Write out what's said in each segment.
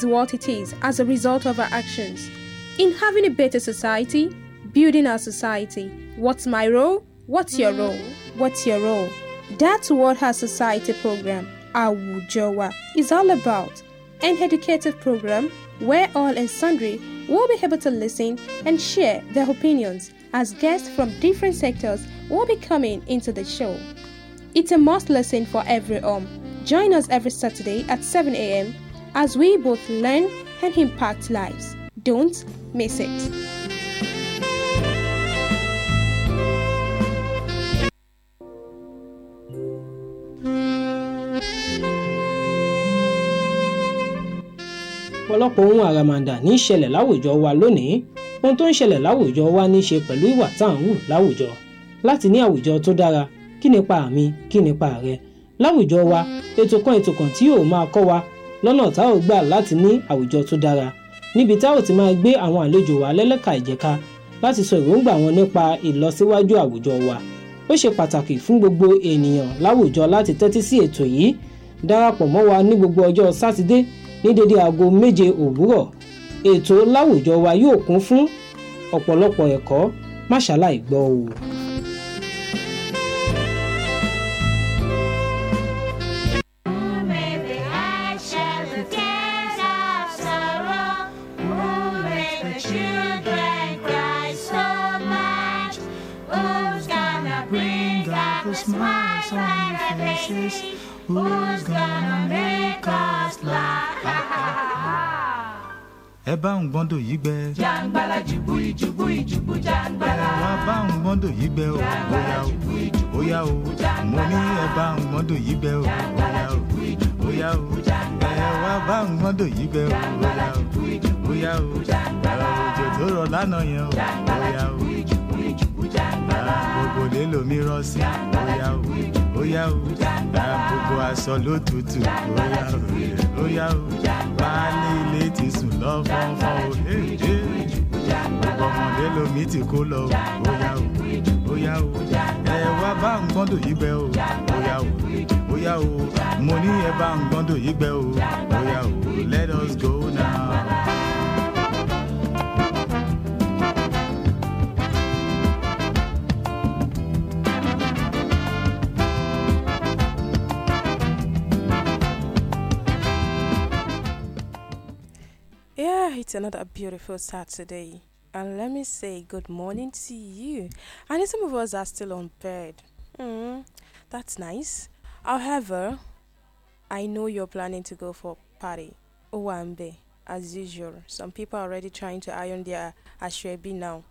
is what it is as a result of our actions. In having a better society, building our society, what's my role? What's your role? What's your role? That's what our society program, Awujowa, is all about. An educative program where all and sundry will be able to listen and share their opinions as guests from different sectors will be coming into the show. It's a must listen for every home. Join us every Saturday at 7 a.m. as we both learn and impact lives. Don't miss it. ọ̀pọ̀lọpọ̀ ohun àràmàǹdà ní í ṣẹlẹ̀ láwùjọ wa lónìí ohun tó ń ṣẹlẹ̀ láwùjọ wa ní í ṣe pẹ̀lú ìwà tá à ń hù láwùjọ láti ní àwùjọ tó dára kí nípa mi kí nípa rẹ láwùjọ wa ètò kan ètò kan tí yóò máa kọ́ wa lọ́nà tá ò gbà láti ní àwùjọ tó dára níbi tá ò ti máa gbé àwọn àlejò wa lẹ́lẹ́ka ìjẹka láti sọ èròǹgbà wọn nípa ìlọsíwájú àwùjọ wa ó ṣe pàtàkì fún gbogbo ènìyàn láwùjọ láti tẹ́tí sí ètò yìí darapọ̀ mọ́ wa ní gbogbo ọjọ́ sátidé ní dédé aago méje òwúrọ̀ ètò láwùjọ wa yóò kún fún ọ̀pọ̀lọpọ̀ ẹ̀kọ́ má gbọ́ o. on your faces. Who's gonna make us laugh? ẹ bá ń gbọ́ndò yìí gbẹ. jàǹgbàlà jùbú ìjùbú ìjùbú jàǹgbàlà. wà á bá ń gbọ́ndò yìí gbẹ o. jàǹgbàlà jùbú ìjùbú ìjùbú jàǹgbàlà. mo ní ẹ bá ń gbọ́ndò yìí gbẹ o. jàǹgbàlà jùbú ìjùbú ìjùbú jàǹgbàlà. ẹ wà á bá ń gbọ́ndò yìí gbẹ o. jàǹgbàlà jùbú ìjùbú ìjùbú jàǹgbàlà. òjò tó rọ̀ lánàá yẹn o. jàǹgbàlà jùbú gbogbo lè lomi rọ sí óyá o óyá o gbogbo aṣọ lótútù óyá o óyá o baálé ilé ti sùn lọ́fọ́nfọ́n o èdè gbogbo ọmọdé lomi ti kó lọ óyá o óyá o ẹ wá bá nǹkan dò yí gbẹ o óyá o óyá o mo ní ẹ bá nǹkan dò yí gbẹ o óyá o let us go now. it's another beautiful Saturday, and let me say good morning to you. And some of us are still on bed. Mm, that's nice. However, I know you're planning to go for party, Owambe, as usual. Some people are already trying to iron their ashwebi now.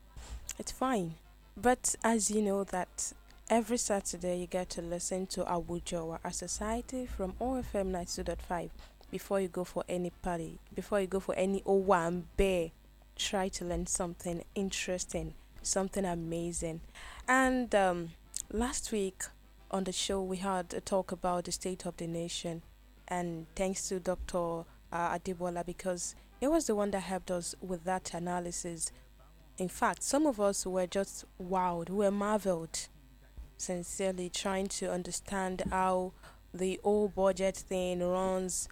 It's fine. But as you know that every Saturday you get to listen to Awujawa, a society from OFM 92.5 before you go for any party, before you go for any Owambe, bear, try to learn something interesting, something amazing. And um, last week on the show, we had a talk about the state of the nation, and thanks to Dr. Uh, Adibola because he was the one that helped us with that analysis. In fact, some of us were just wowed, we were marveled, sincerely trying to understand how the whole budget thing runs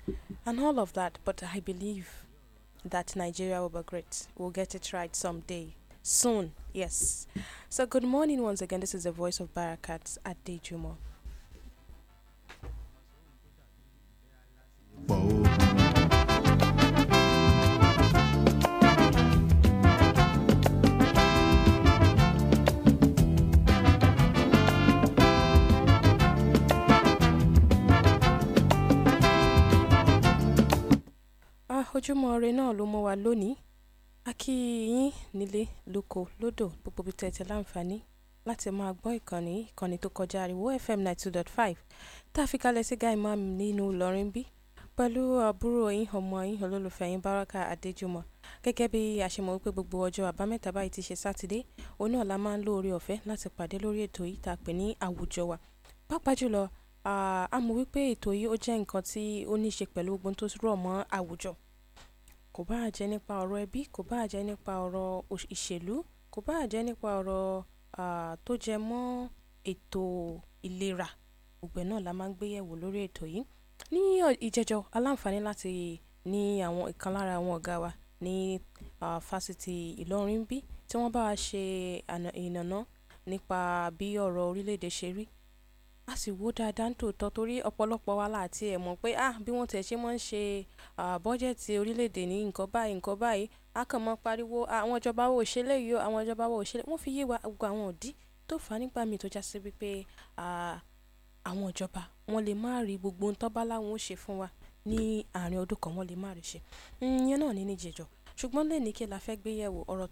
and all of that. But I believe that Nigeria will be great. We'll get it right someday. Soon, yes. So, good morning once again. This is the voice of Barakat at Dejumo. Ojúmọ́ ire náà ló mọ́ wa lónìí. A kí yín nílé, lóko, lódò, gbogbo ibi tẹ́ ti láǹfààní láti máa gbọ́ ìkànnì ìkànnì tó kọjá ariwo FM 92.5 tá a fi kalẹ̀ sí Gáìmá nínú Ìlọrin bí pẹ̀lú àbúrò yín ọmọ yín olólùfẹ́ yín Báràkà Adéjùmọ̀ gẹ́gẹ́ bí a ṣe mọ̀ wípé gbogbo ọjọ́ àbámẹ́ta báyìí ti ṣe sátidé òun náà la máa ń lóore ọ̀fẹ́ láti pàdé lórí ètò yìí tá a pè ní àwùjọ wa pàápàá jùlọ a mọ̀ wípé ètò yìí ó jẹ́ nǹkan tí ó ní ṣe pẹ̀lú ogun tó rọ̀ mọ́ àwùjọ kò bá jẹ́ nípa ọ̀rọ̀ ẹbí, kò bá jẹ́ nípa ọ̀rọ̀ ìṣèlú, kò bá jẹ́ nípa ọ̀rọ̀ tó jẹ mọ́ ètò ìlera, gbogbo náà la máa ń gbé yẹ̀wò lórí ètò yìí. Ní ìjẹjọ́, a láǹfààní láti ní àwọn ìkan lára àwọn ọ̀gá wa ní Fásitì Ìlọrin bí tí wọ́n bá ṣe ìnàná nípa bí ọ̀rọ̀ orílẹ̀ èdè ṣe rí a sì wò dáadáa nítòótọ́ torí ọ̀pọ̀lọpọ̀ wa là tí ẹ̀ mọ̀ pé ah bí wọ́n tẹ̀ ṣe máa ń ṣe bọ́jẹ̀tì orílẹ̀-èdè ní nǹkan báyìí nǹkan báyìí a kàn máa pariwo ah, àwọn ìjọba wo ṣe léyìí o àwọn ìjọba wo ṣe wọ́n fi yé wa gbogbo àwọn òdí tó fà á nígbà míì tó já sí wípé àwọn ìjọba wọn lè má rí gbogbo ohun tó bá láwọn ó ṣe fún wa ní àárín ọdún kan wọn lè má rí ṣe hmm, ìyẹn náà ní níjẹjọ ṣùgbọ́n lẹ́ni kí la fẹ́ gbé yẹ̀wò ọ̀rọ̀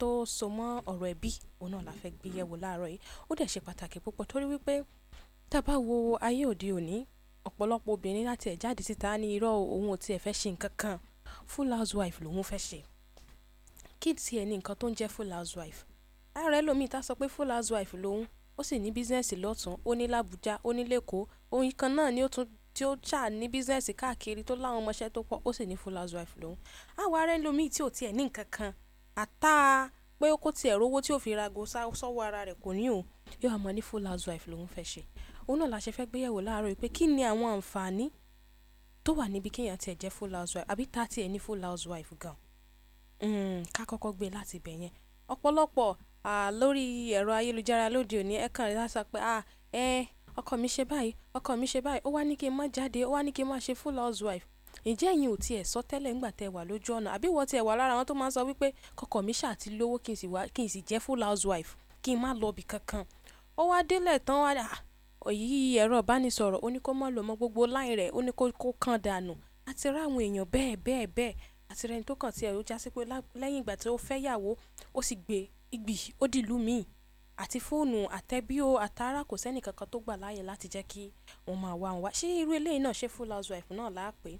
tó so mọ́ ọ̀rọ̀ ẹbí òun náà la fẹ́ gbé yẹ̀wò láàárọ̀ yìí ó dẹ̀ ṣe pàtàkì púpọ̀ torí wípé Tá bá wo ayé òde òní, ọ̀pọ̀lọpọ̀ obìnrin láti ẹ̀ jáde síta ní irọ́ òun ò tí fẹ́ ṣe nǹkan kan, full housewife lòun fẹ́ ṣe. Kí tí ẹ ní nǹkan tó ń jẹ́ full housewife? Lára ẹlòmíì tá sọ pé full housewife lòun, ó sì ní business lọ́tùn, ó ní Lábùjá, ó ní Lékòó, òun kan náà ni ó tún tí ó ṣà ní business káàkiri tó láwọn ọmọṣẹ́ tó pọ̀, ó sì ní full housewife lòun. Àwa ará ẹlòmíì tí ò tí ẹ ní nǹkan kan, àtá pé ó kó ti ẹ̀ rówó tí ó fi ra ago sọ́wọ́ ara rẹ̀ kò ní òun, yóò máa ní full housewife lòun fẹ́ ṣe òun náà la ṣe fẹ́ gbéyẹ̀wò láàárọ̀ yìí pé kí ni àwọn àǹfààní tó wà níbi kéèyàn tiẹ̀ jẹ́ full housewife àbí tá tiẹ̀ ní full housewife gan hmm, ká kọ́kọ́ gbé láti ibẹ̀ yẹn ọ̀pọ̀lọpọ̀ lórí ẹ̀rọ ayélujára lóde òní ẹ kàn láṣà pé ah ẹ ọkọ mi ṣe báyìí ọkọ mi ṣe báyìí ó wá ní kí n má jáde ó wá ní kí n má ṣe full housewife ǹjẹ́ ẹ̀yin ò tiẹ̀ sọ tẹ́lẹ̀ ńgbà tẹ́ wà lójú ọ̀nà àbí wọ́n tiẹ̀ wà lára àwọn tó máa ń sọ wípé kọkọ mi ṣáà ti lówó kí n sì jẹ́ full housewife kí n má lọ bì kankan ó wá délẹ̀ tán wá yìí ẹ̀rọ ìbánisọ̀rọ̀ ó ní kó mọ̀ lò mọ́ gbogbo line rẹ̀ ó ní kó kó kan dànù àti rá àwọn èèyàn bẹ́ẹ̀ bẹ́ẹ̀ bẹ́ẹ̀ àti rẹni tó kàn tiẹ̀ ó jásí pé lẹ́yìn ìgbà tí ó fẹ́ yàwó ó sì gbé igbì ó dìlú míì àti fóònù àtẹ́bíò àtàrà kò sẹ́ni kankan tó gbà láàyè láti jẹ́ kí wọ́n máa wá wọn wá ṣé irú eléyìí náà ṣe full housewife náà láàpẹ́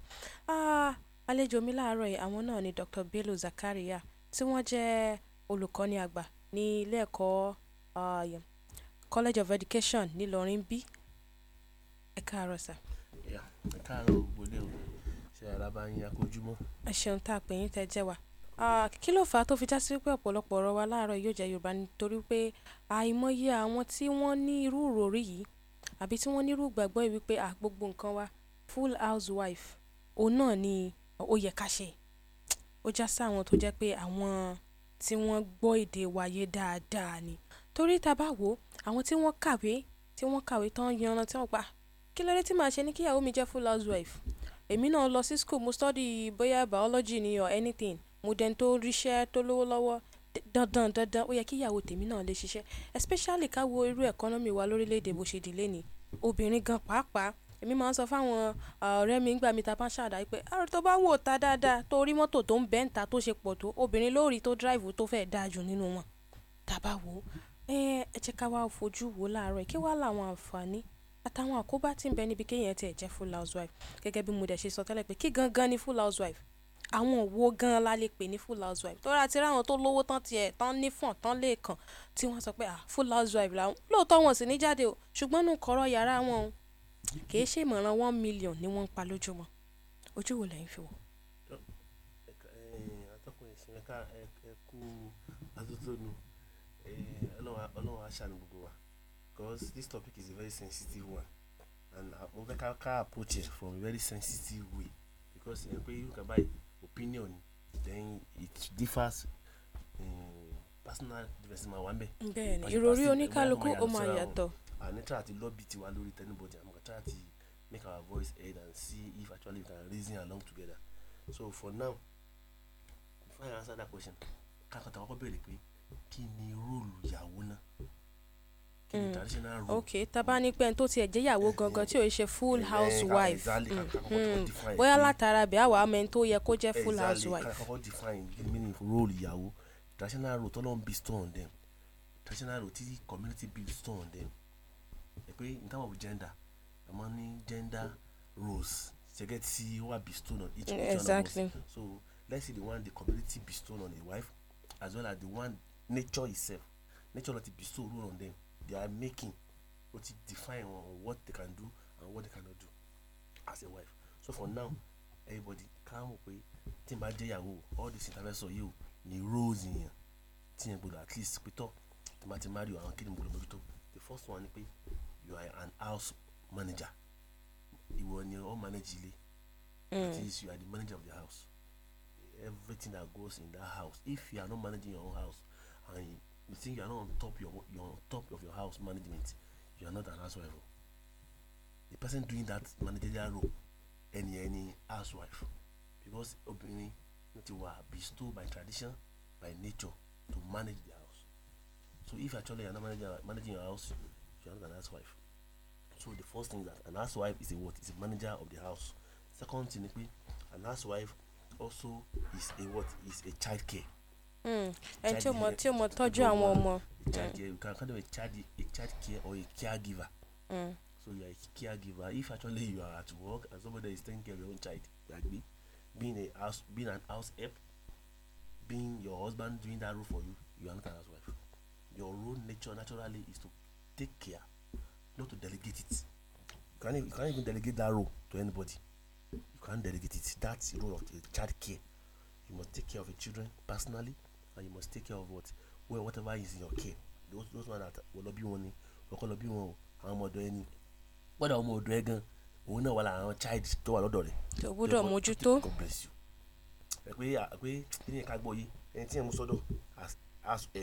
àlejò mi láàárọ̀ yìí àwọn náà ni Dr. Bello Zakaria tí wọ́n jẹ́ olùkọ́ni àgbà ní ilé ẹ̀kọ́ ah, College of Education nílọrin bí? Ẹ káàárọ̀ sir. Yeah, ẹ káàárọ̀ gbogbo ilé o. Ṣé ara bá yín a kú ojúmọ́? Ẹ ṣeun tá a pè yín tẹ jẹ́ wa. Ah, kí ló fà á tó fi já sí wípé ọ̀pọ̀lọpọ̀ ọ̀rọ̀ wa láàárọ̀ yóò jẹ́ Yorùbá nítorí pé àìmọye àwọn tí wọ́n ní irú ìròrí yìí àbí tí wọ́n ní irú ìgbàgbọ́ yìí wípé gbogbo nǹkan wa full housewife òun náà ni ó yẹ ká ṣe. Ó já sí àwọn tó jẹ́ pé àwọn tí wọ́n gbọ́ èdè wa dáadáa ni Torí ta bá wò àwọn tí wọ́n kàwé, tí wọ́n kàwé tán yanran tí wọ́n pa, kí ló dé tí màá ṣe ní kí mi jẹ́ full housewife? Èmi náà lọ sí school, mo study bóyá biology ni or anything. Mo dẹni tó ríṣẹ́, tó lówó lọ́wọ́. Dandan, dandan ó yẹ kí tèmi náà lè ṣiṣẹ́. Especially ká wo irú economy wa lórílẹ̀-èdè bó ṣe dì lénìí. Obìnrin gan pàápàá. Èmi máa ń sọ fún àwọn ọ̀rẹ́ mi nígbà mi ta bá ń ṣàwàdà pé, "Àárọ̀ tó bá wò ta dáadáa, tó rí mọ́tò tó ń bẹ́ tó ṣe pọ̀ tó, obìnrin ló tó drive tó fẹ́ dáa jù nínú wọn." Ta bá wò ó, Ẹ́, ẹ jẹ́ ká wá fojú wo láàárọ̀ yìí. Kí wá làwọn àǹfààní àtàwọn àkóbá tí ń bẹ níbí kí èèyàn tí ẹ jẹ́ full housewife. Gẹ́gẹ́ bí mo dẹ̀ ṣe sọ tẹ́lẹ̀ pé kí gangan ni full housewife? Àwọn wo gan la lè pè ní full house wife. a ti rí àwọn tó lówó tán ti ẹ̀, tán ní fọ̀n, tán lè kan, tí wọ́n sọ pé à full housewife làwọn. Lóòótọ́ wọn sì ní jáde o, ṣùgbọ́n inú kọ́rọ́ yàrá wọn o, kì í ṣe ìmọ̀ràn one million ni wọ́n ń pa lójúmọ́. Ojú wo lẹ̀ fi wò? Ọlọ́run á ṣàánú gbogbo wa because this topic is a very sensitive one and uh, mo fẹ́ ká ká approach it from a very sensitive way because ẹ pé irú kan báyìí opinion then it differs um, personal difference máa wà ń bẹ̀. bẹ́ẹ̀ni ìròrí oníkálukú ó máa yàtọ̀. and ní try àti lobby tiwa lórí anybody and try àti make our voice heard and see if actually we can reason along together so for now before I answer that question kakata kọ́kọ́ béèrè pé kí ni róòlù ìyàwó náà kí ni traditional hmm. role. ok tábà ní pé tó tiẹ̀ jẹ́ ìyàwó eh, gangan tí ò ṣe full eh, housewife hmm. hmm. bóyá látara bẹ́ẹ̀ àwa ọmọ ẹni tó yẹ kó jẹ́ full housewife. exactly kàkọ́kọ́ define the meaning of role ìyàwó traditional role tọ́lọ́n be store on them traditional role ti community be store on them ẹ pé in terms of gender a máa ní gender roles ṣẹ́gẹ́ tí wà be store on each other exactly. so let's say the one the community bestow on a wife as well as the one nature itself nature ló ti bestow rule on them they are making what ti define on what they can do and what they cannot do as a wife so for now everybody calm pé tí n bá jẹ́ ìyàwó all this intervention yìí you. ni roles yẹn tí yẹn gbọdọ̀ at least pétọ́ tí n bá ti marry o àwọn kíni mo gbọdọ̀ mójútó the first one ni pé you are an house manager ìwọ ni o manage ilé that mm. is you are the manager of the house everything that goes in that house if you are not managing your own house and you, think you are not on top your you're on top of your house management you are not an housewife the person doing that managerial role any any housewife because obìnrin no ti wa bestowed by tradition by nature to manage the house so if actually you are not managing, managing your house you are not an housewife so the first thing that an housewife is a what is a manager of the house second thing ni an housewife also is a what is a child care Hmm. ẹni tí ó mọ tí ó mọ tọ́jú àwọn ọmọ. you can kind of a child a child care or a caregiver. Mm. so you are a caregiver if actually you are at work and somebody is taking care of your own child like me being a house being an house help being your husband doing that role for you you are not an housewife your role nature naturally is to take care not to delegate it you can't e- you can't even delegate that role to anybody you can't delegate it that's the role of a child care you must take care of your children personally and you must take care of what well whatever is in your care those those one that wọ́n lọ bí wọn ni wọ́n kọ́ lọ bí wọn o àwọn ọmọ ọ̀dọ̀ ẹni gbọ́dọ̀ ọmọ ọ̀dọ̀ ẹ gan òun náà wà lára àwọn child tó wà lọ́dọ̀ rẹ̀. tó gbọ́dọ̀ mójútó. God bless you. ẹ pé pé kí ni ká gbọ́ yìí ẹni tí ẹ mú sọ́dọ̀ as as a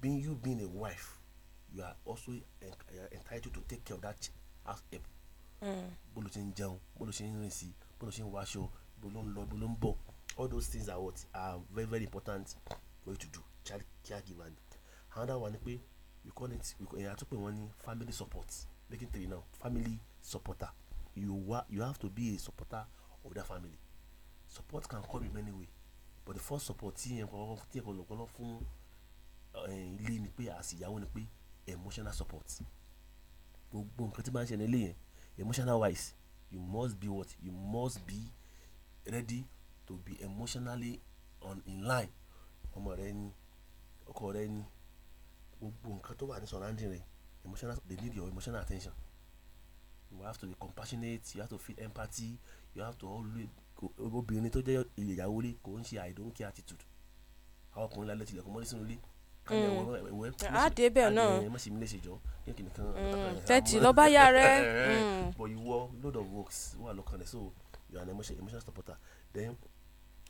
being you being a wife you are also entitled to take care of that house help. Hmm. bó ló ṣe ń jẹun bó ló ṣe ń rìn sí bó ló ṣe ń wáṣọ bó ló ń lọ bó ló ń bọ̀ all those things are what are very very important what to do child caregiver another one ni we call it ẹ̀yà eh, tó pè wọ́n ní family support making three now family supporter you wa you have to be a supporter of that family support can come in many way, but the first support tí yẹn kọ́ tí yẹn kọ́ lọ́kọ́ lọ́ fún eh, ilé ni pé àsìyàwó ni pé emotional support gbogbo nǹkan tí bá ń ṣe ní ilé yẹn emotional wise you must be what you must be ready to be emotionally on in line ọmọ rẹ ni, ọkọ rẹ ni, gbogbo nǹkan tó wà ní surrounding rẹ emotional they need your emotional attention. You have to be compassionate, you have to feel empathy, you have to always obìnrin tó jẹ́ ìyàwó ilé kò ń ṣe I don't care attitude. Àwọn ọkùnrin lálẹ́ tilẹ̀kùn mọ́lé sínú ilé. Mm. A dé bẹ̀ náà. Ẹ má sì mí léṣe jọ. Mm. Tẹ̀tì lọ bá yá eh, eh, eh. Mm. But you wọ load of works wà lọ́kàn rẹ̀ so you are an emotional supporter. Then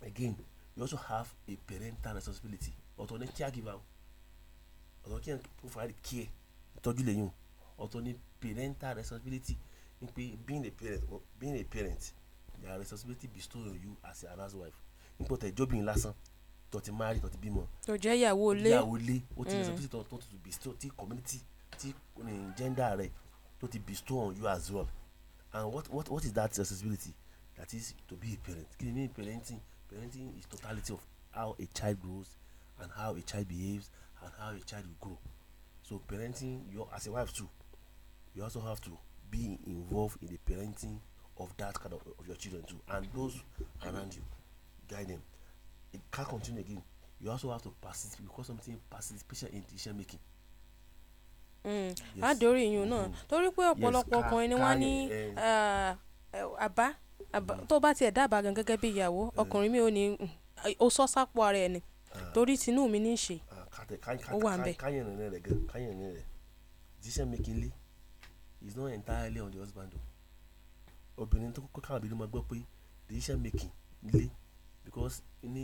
again you also have a parental responsibility ọ̀tọ̀ ni caregiver o kí n provide care ìtọ́jú lẹ́yìn o ni parental responsibility ni pé being a parent being a parent their responsibility bestowed on you as a housewife nípò tẹ̀ jóbìn lásán tó ti marry tó ti bímọ. tó jẹ́ ìyàwó ilé ìyàwó ilé ó ti mm. responsibility tó ti bestow ti community ti gender rẹ̀ tó ti bestow on you as well and what what what is that responsibility that is to be a parent kí ni mean parenting parenting is totality of how a child grows and how a child behaves and how a child will grow so parenting you as a wife too you also have to be involved in the parenting of that kind of, of your children too and those around you guide them it can continue again you also have to participate because something participation in decision making. Mm. á dórí iyùn náà mm-hmm. torí pé ọ̀pọ̀lọpọ̀ ọkùnrin ni wọ́n ní eh, eh, eh, àbá tó bá tiẹ̀ dábàá gan gẹ́gẹ́ bí ìyàwó eh. ọkùnrin mi ò ní o mm, sọ sápò ara ẹ̀ ni eh. torí tinú mi ní í ṣe eh, ó wà ń bẹ̀. káyọ̀ nínú rẹ̀ gan káyọ̀ nínú rẹ̀ decision making lé is not entirely on the husband o obìnrin tó kọ́ káwọn obìnrin máa gbọ́ pé decision making lé because ní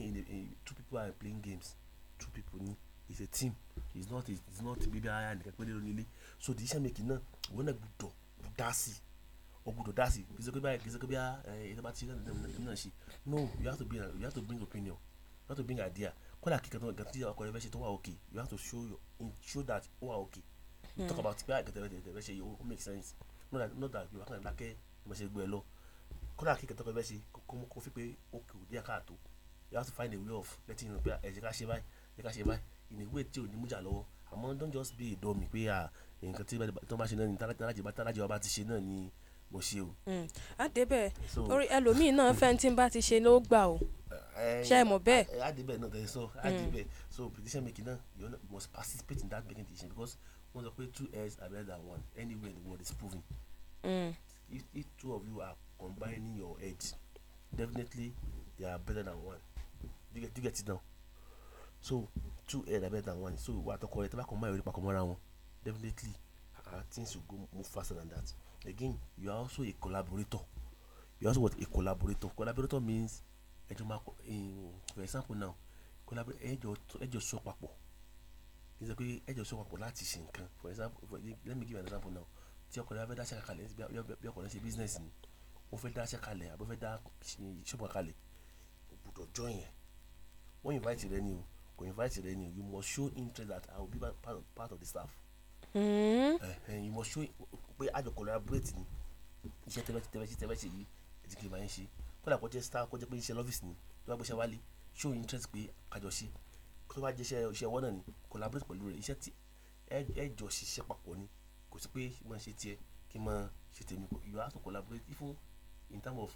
two people are playing games two people ni it's a team it's not it's not bíbí ara nìkan pé lórí ilé so decision making náà wọn náà gbọ́dọ̀ dá sí i o gbọ́dọ̀ dá sí kì í ẹ bá eh, ti ṣe náà ṣe no you have to bring you have to bring opinion you have to bring idea kódà kíkan tó gàtí ọkọ rẹ fẹ́ tó wà okay you have to show your show that ó wà okay you talk hmm. about pé àgàtà ah, rẹ fẹ́ yìí ó make sense not that not that you wà kàn lákẹ́ ẹ máa ṣe gbọ́ ẹ lọ kódà kíkan tó kọ fẹ́ kó fi pé okay ò díẹ̀ káàtó you have to find a way of letting you know pé ah, ẹ jẹ́ ká ṣe báyìí ẹ jẹ́ ká ṣe báyìí in a way tí ò ní mújà lọ́wọ́ àmọ́ don't just be a dummy pé ah, nǹkan tí wọ́n bá ṣe náà ni tálájì bá tálájì bá ti ṣe náà ni kò sí o. àdébẹ̀ hmm. orí ẹlòmíì náà fẹ́ntì bá ti ṣe ló gbà o ṣe é mọ̀ bẹ́ẹ̀. náà tẹ̀sán àdébẹ̀ hmm. so petition making náà you must participate in that making decision because wọ́n sọ pé two heads are better than one anywhere in the world is proven. Mm. if if two of you are combining your heads definitely they are better than one do you get, you get it now so two heads are better than one so wàá tọkọ rẹ tí wọ́n bá combine orí papọ̀ mọ́ra wọn definitely uh, things will go move faster than that again you are also a collaborator you also want a collaborator collaborator means ẹ jọ in for example now collaborator ẹ jọ ẹ jọ sọ papọ̀ ẹ jọ pé ẹ jọ sọ papọ̀ láti ṣe nǹkan for example for, let me give you an example now tí ọkọ̀ yẹn fẹ́ dá ṣẹ́ka kalẹ̀ bí ọkọ̀ yẹn ṣe business ni ó fẹ́ dá ṣẹ́ka kalẹ̀ àbí ó fẹ́ dá ṣọ́ọ̀bù kalẹ̀ ó gbọ́dọ̀ join yẹn wọ́n invite rẹ ni o kò invite rẹ ni o you must show interest that I will be part of, part of the staff ẹ̀hìn hmm. eh, eh, ìmọ̀ ṣó pé àjọ collaborate ni iṣẹ́ tẹ́mẹ́sì tẹ́mẹ́sì tẹ́mẹ́sì yìí ẹ̀dí kìlì máa ń ṣe kódà kó jẹ́ star kó jẹ́ pé iṣẹ́ lọ́fíìsì ni tó bá gbéṣẹ́ wálé ṣó interest pé àjọ ṣe tó bá jẹ́ iṣẹ́ ọwọ́ náà ni collaborate pẹ̀lú rẹ̀ iṣẹ́ tí ẹ jọ ṣiṣẹ́ papọ̀ ni kò sí pé máa ṣe tiẹ̀ kí máa ṣe tèmi kò you have to collaborate if in terms of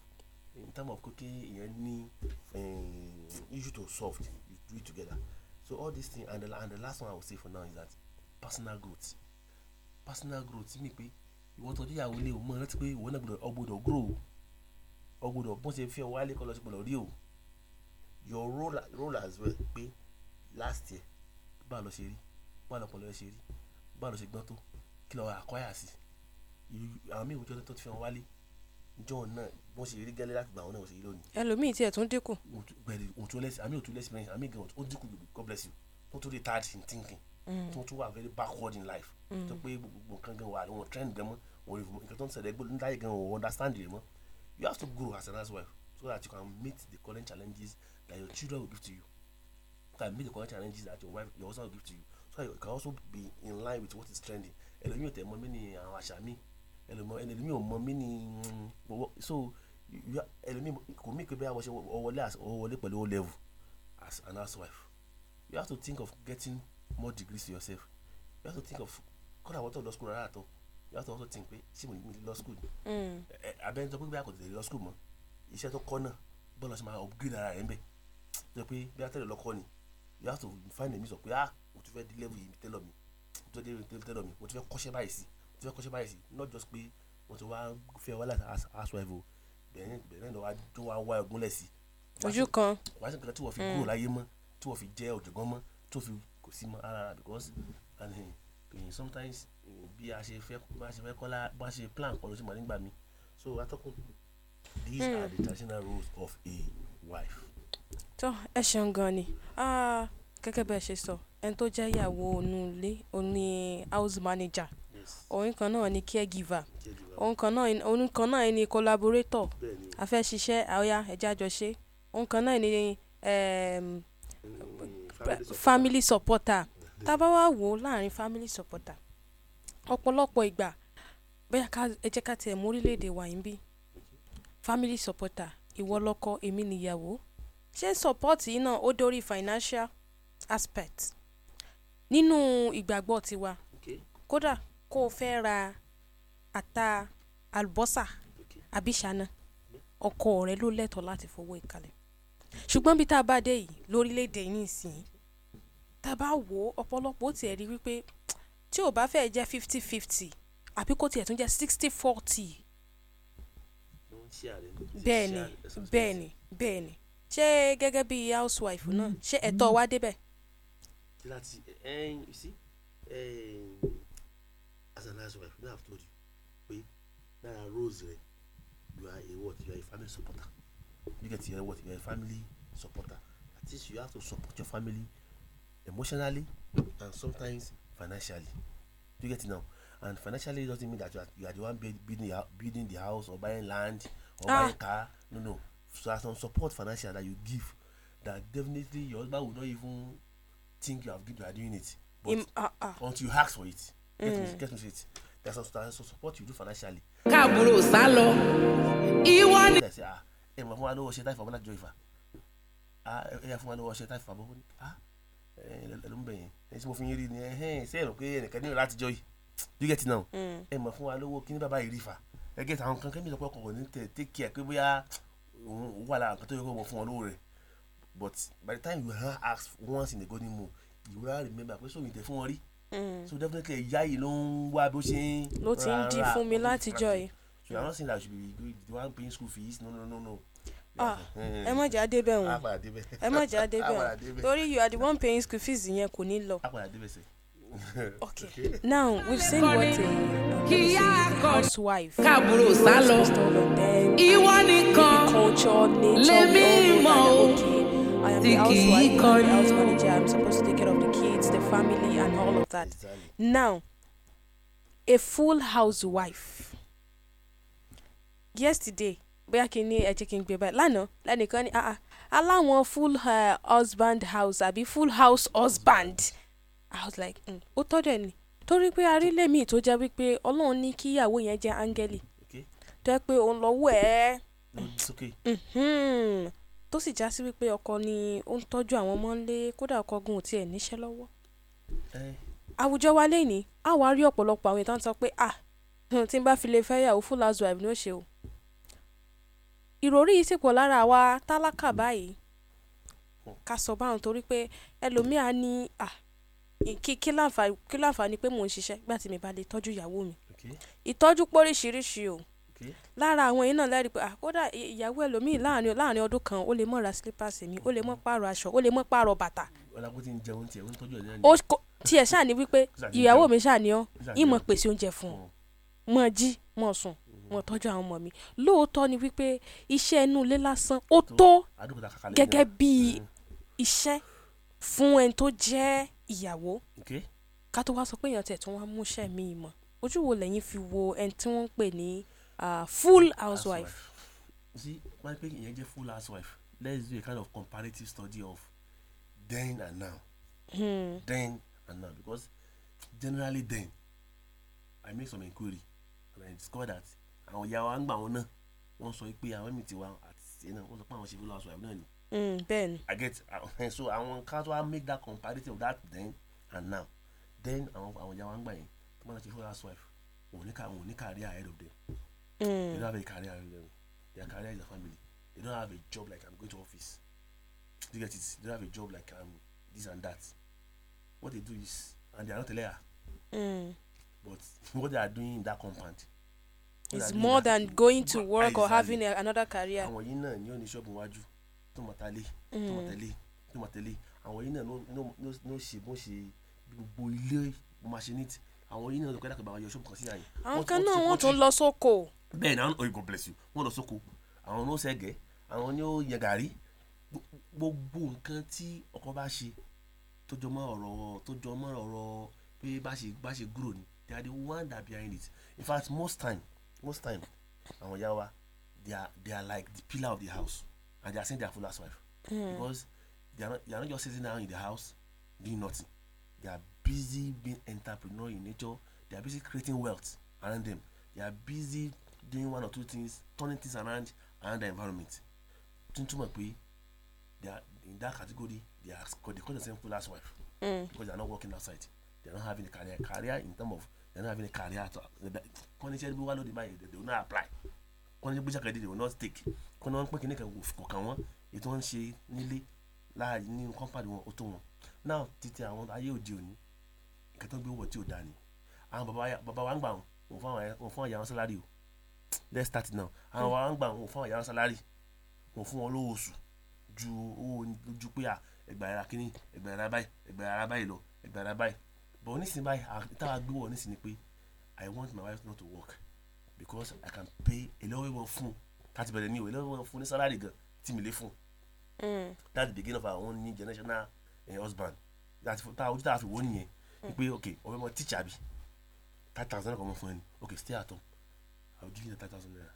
in terms of kókè èèyàn ní eh, issue to solve you do it together so all these things and the, and the last one I will say for now is that personal growth personal growth mi pé ìwọ tó jíyàwó ilé o mọ rántí pé ìwọ náà gbọ́dọ̀ ọgbọ́dọ̀ grow ọgbọ́dọ̀ bó ṣe fi ọwọ alẹ kọ lọ sí gbọ́dọ̀ rí o your role role as well pé last year báà lọ ṣe rí báà lọ pọ̀ lọ ṣe rí báà lọ ṣe gbọ́n tó kí lọ àkọ́yà sí àwọn míì òjò tó ti fi wọn wálé john náà bó ṣe rí gẹ́lẹ́ láti gbà wọn náà ó ṣe rí lónìí. ẹlòmíì tiẹ̀ tún dínkù. bẹ́ẹ̀ ni òtún lẹ́sìn àmì òtún lẹ́sìn mẹ́rin àmì gan ó dínkù god bless you wọ́n tún rí tired in thinking Mm. tó tún wà very backward in life mm. tó pé gbogbo nǹkan gan wà àwọn trend gan mọ́ òun ìfowópamọ́ nǹkan tó ń ṣẹlẹ̀ gbọ́dọ̀ níláyè gan òun understand rẹ̀ mọ́ you have to grow as an as wife so that you can meet the current challenges that your children will give to you you can meet the current challenges that your wife your husband will give to you so you can also be in line with what is trending ẹlòmí ò tẹ̀ mọ̀ mí ni àwọn àṣà mi ẹlòmí ò mọ̀ mí ni mm, so ẹlòmí kò mí kébé àwọṣe ọwọlé pẹ̀lú o level as an as wife you have to think of getting more degrees to yourself you have to think of kódà wọ́n tó law school rárá àtọ you have to also think pé ṣé mo ní lọ school ni mm. abẹ́ni tó pé bí a kò tètè lọ school mọ́ iṣẹ́ tó kọ́ náà bọ́ọ̀lù ṣe máa upgrade ara rẹ̀ ń bẹ̀ tó pé bí a tẹ̀lé lọ́kọ́ ni you have to find a means of pé ah mo tún fẹ́ di level yìí tẹ́lọ̀ mi mo tún fẹ́ di level tẹ́lọ̀ mi mo tún fẹ́ kọ́ṣẹ́ báyìí sí mo tún fẹ́ kọ́ṣẹ́ báyìí sí not just pé mo ti wá fẹ́ wá láti housewife o bẹ̀rẹ̀ bẹ̀rẹ̀ náà tó wá wá ẹ̀gúnlẹ̀ sí. ojú kan wàá sì kankan tí wọ́n fi kúrò mm. láyé mọ́ tí wọ́n fi jẹ́ ọ̀jọ̀gbọ́n mọ́ tó fi kò sí mọ́ rárá because ẹ̀yìn sometimes bí a ṣe fẹ́ bá a ṣe fẹ́ kọ́lá bá a ṣe plan kọ́ ló ṣe mọ̀ nígbà mi so atọ́kùn these mm. are the traditional roles of a wife. tó ẹ ṣeun gan ni gẹ́gẹ́ bẹ́ẹ̀ ṣe sọ ẹni tó jẹ́ ìyàwó onú oní house manager òun kan náà ni caregiver òun kan náà òun kan náà ni collaborator afẹ́ ṣiṣẹ́ àyà ẹ̀já jọ ṣe òun kan náà ni family supporter tá a bá wá wò ó láàrin family supporter ọ̀pọ̀lọpọ̀ ìgbà bẹ́ẹ̀ ká ẹ jẹ́ ká tiẹ̀ mú orílẹ̀-èdè wa yín bí family supporter ìwọ lọ́kọ èmi nìyàwó ṣé support yìí náà ó dórí financial aspect nínú ìgbàgbọ́ tiwa kódà kó o fẹ́ ra ata àlùbọ́sà àbí ṣáná ọkọ rẹ ló lẹ́tọ̀ọ́ láti fowó ìkalẹ̀ ṣùgbọ́n bí tá a bá dé yìí lórílẹ̀‐èdè yìí nìsín tá a bá wò ó ọ̀pọ̀lọpọ̀ ó tiẹ̀ rí wípé tí ò bá fẹ́ jẹ́ fifty fifty àbí kó tiẹ̀ tún jẹ́ sixty forty. bẹ́ẹ̀ni bẹ́ẹ̀ni bẹ́ẹ̀ni ṣé gẹ́gẹ́ bí housewife náà ṣé ẹ̀tọ́ wa débẹ̀. láti ẹ ẹ you see as an housewife you know have told you pé lára rose rẹ you are a what you are a family supporter you get your what your family supporter at least you have to support your family emotionally and sometimes financially you get it now and financially it doesn't mean that you are, you are the one building the building the house or buying land or ah. buying car no no so as some support financial that you give that definitely your husband will not even think you have you are doing it but Im, uh, uh. until you ask for it get mm. me get me straight there's some some support you do financially. káàbùrò sálọ ìwọ ni ẹ mọ̀ fún wa lówó ṣe táìfà bọ́lá jọ ìfà ẹ yà fún wa lówó ṣe táìfà bọ́ ní ẹ ló ń bẹ̀ yẹn ẹ ṣe mo yín rí ni ẹ hẹ́n ṣé ẹ pé ẹnìkan nílò láti jọ yìí you get it now mm. ẹ mọ̀ fún wa lówó kí ní bàbá yìí rí ìfà ẹ gẹ́tà àwọn kan kẹ́mi sọ pé ọkọ̀ ní tẹ̀ take care pé bóyá òun wà lára nǹkan tó yẹ kó wọ fún ọ lówó rẹ̀ but by the time you have asked once in a golden moon you will remember pé sóyún tẹ fún wọn rí mm. so definitely ìyá yìí ló ń wá bó ṣe ń rárá ló ti ń di fún mi látijọ́ yìí so you are not saying that you should be the one paying school fees no no no no Ah, mm-hmm. ẹ má jà débẹ̀ wọn ẹ má jà débẹ̀ wọn torí you are the one paying school fees yẹn kò ní lọ. okay now we've seen what a housewife kaburo sálọ ìwọ nìkan lèmi mọ̀ o tí kì í kọ ní. house manager i'm supposed to take care of the kids the family and all of that exactly. now a full housewife yesterday bóyá kí n ní ẹ jẹ́ kí n gbé báyìí lánàá lẹ́nìkan ní ah aláwọn full uh, husband house àbí full house husband i was like hmm, ó tọ́jú ẹ̀ ni torí pé arílẹ̀ mi tó jẹ́ wípé ọlọ́run ní kí ìyàwó yẹn jẹ́ áńgẹ́lì tó yẹ pé òun lọ́wọ́ ẹ̀ mm, mm-hmm. tó sì já sí wípé ọkọ ni ó ń tọ́jú àwọn ọmọ ńlé kódà ọkọ gun ò tiẹ̀ níṣẹ́ lọ́wọ́ eh. àwùjọ wa lẹ́yìn a wá rí ọ̀pọ̀lọpọ̀ àwọn ìtàn sọ pé ah tí n bá fi lè fẹ́ yàwó full housewife ni ó ṣe o ìròrí yìí sì pọ̀ lára àwa tálákà báyìí ká sọ báwọn torí pé ẹlòmíà ní à kí láǹfààní pé mò ń ṣiṣẹ́ gbà tí mi bá lè tọ́jú ìyàwó mi ìtọ́jú póríṣiríṣi o lára àwọn yìí náà lẹ́rìí pé kódà ìyàwó ẹlòmíì láàrin láàrin ọdún kan ó lè mọ̀ ra slippers mi ó lè mọ̀ pààrọ̀ aṣọ ó lè mọ̀ pààrọ̀ bàtà. ọlákùn ti ń jẹun tiẹ̀ ó ń tọ́jú ẹ̀ ní àná. tiẹ̀ ṣáà ni wípé ìyàwó mi ṣáà ni ọ́ ìmọ̀ pèsè oúnjẹ fún ọ mọ̀ jí mọ̀ sùn wọn tọ́jú àwọn ọmọ mi lóòótọ́ ni wípé iṣẹ́ inú ilé lásán ó tó gẹ́gẹ́ bí hmm. iṣẹ́ fún ẹni tó jẹ́ ìyàwó ká tó wá sọ pé èèyàn tẹ̀ tó wá mú iṣẹ́ mi mọ̀ ojú wo lẹ́yìn fi wo ẹni tí wọ́n ń pè ní full housewife. sí wọ́n pe ìyẹn jẹ́ full housewife let's do a kind of comparative study of then and now hmm. then and now because generally then I make some inquiry and I discover that àwọn ìyá wa ń gbà wọn náà wọ́n sọ pé àwọn mi ti wá àti náà wọ́n sọ pé àwọn ṣe fúlọ́ aṣọ àìbí náà ni. Mm, bẹ́ẹ̀ni. I get so àwọn ká tó make that comparison of that then and now then àwọn àwọn ìyá wa ń gbà yẹn tó máa ṣe fúlọ́ aṣọ àìbí wọn ò ní kárí ahead of them. Mm. They don't have a career ahead of them. Their career is their family. They don't have a job like I'm going to office. you get it? They don't have a job like I'm um, this and that. What they do is, and they are not a lawyer. Mm. But what they are doing in that compound is more than going to work or having a, another career. àwọn yìí náà ni ó ní ṣọ́ọ̀bù wájú tó mọ̀ mm. tálé tó mọ̀ tẹ̀lé tó mọ̀ tẹ̀lé àwọn yìí náà ló ṣe bó ṣe gbogbo ilé machinite àwọn yìí náà ló kọ́ dàgbà àwọn yọ ṣọ́ọ̀bù kan sí àyè. àwọn kan náà wọ́n tún lọ sóko. bẹ́ẹ̀ ni àwọn oh, God bless you wọ́n lọ sóko àwọn ní ó ṣẹ́gẹ̀ẹ́ àwọn ní ó yẹ gàrí gbogbo nǹkan tí ọkọ bá ṣe tó jọ mọ́ ọ̀rọ̀ tó jọ mọ́ ọ̀rọ̀ pé bá ṣe bá ṣe grow ni they are the one that behind it in fact most time most time our yawa, they are they are like the pillar of the house and they are saying they are fuller's wife. Mm. because they are not they are not just sitting down in the house doing nothing they are busy being entrepreneur in nature they are busy creating wealth around them they are busy doing one or two things turning things around around the environment tuntun mọ̀ pé they are in that category they are they call themselves fuller's wife. Mm. because they are not working outside they are not having a career career in terms of they're not having a career at all kọ́níṣẹ́ bí wà lóde báyìí they will not apply kọ́níṣẹ́ bí sàkàdé they will not take kọ́ní wọn pín kínní kan kò kàn wọ́n ètò wọn ń ṣe nílé láàrin nínú kọ́ńpàdé wọn ó tó wọn Now, títí àwọn ayé òde òní nǹkan tó ń gbé wọ̀ tí ò dáa ni àwọn bàbá wa ń gbà wọn wọn fún àyà wọn sálárì o let's start now àwọn bàbá wa ń gbà wọn fún àyà wọn sálárì wọn fún wọn lówó oṣù ju owó ju pé à ẹgbàá yàrá kínní ẹgbàá yàrá báyìí ẹgbàá yàrá báyìí lọ ẹgbàá yàrá báyìí but onísìn báyìí tá a gbé wọ onísìn ni pé i want my wife not to work because i can pay ẹlẹ́wọ̀n fun. láti bẹ̀rẹ̀ ní o ẹlẹ́wọ̀n fún ní salary gan tí mi lè fún hmm. that's the beginning of our own new generational uh, husband láti fún táwọn ojú tá a fi wọ́n nìyẹn ni pé ok ọbẹ̀ mọ teacher bi thirty thousand naira kan mọ fún ẹ ni ok stay at home i will give you the thirty thousand naira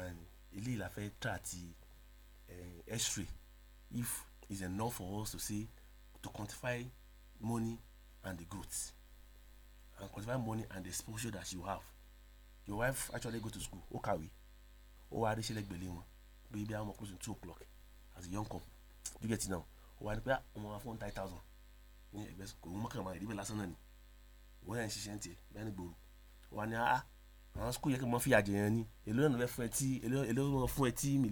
and eléyìí la fẹ́ try àti eh, x-ray if it's enough for us to say to quantify money and the goats and quantify money and the exposure that you have your wife actually go to school ó kàwé ó wá ríṣẹ́ lẹ́gbẹ̀lẹ́ wọn bí bí àwọn close to two o'clock as a young couple you get it now ó wá ní pé ọmọ ah, wa fún thirty thousand ní ẹgbẹ́ kò ń mọ́kànlá ìdíbẹ̀ lásán náà ni wọ́n yẹn ń ṣiṣẹ́ ń tiẹ̀ bẹ́ẹ̀ ni gbòòrò ó wá ní ah, ah àwọn school yẹ kí mo fi àjẹ yẹn ni èló yẹn ló fẹ́ fún ẹ tí èló èló wọn fún ẹ tí mi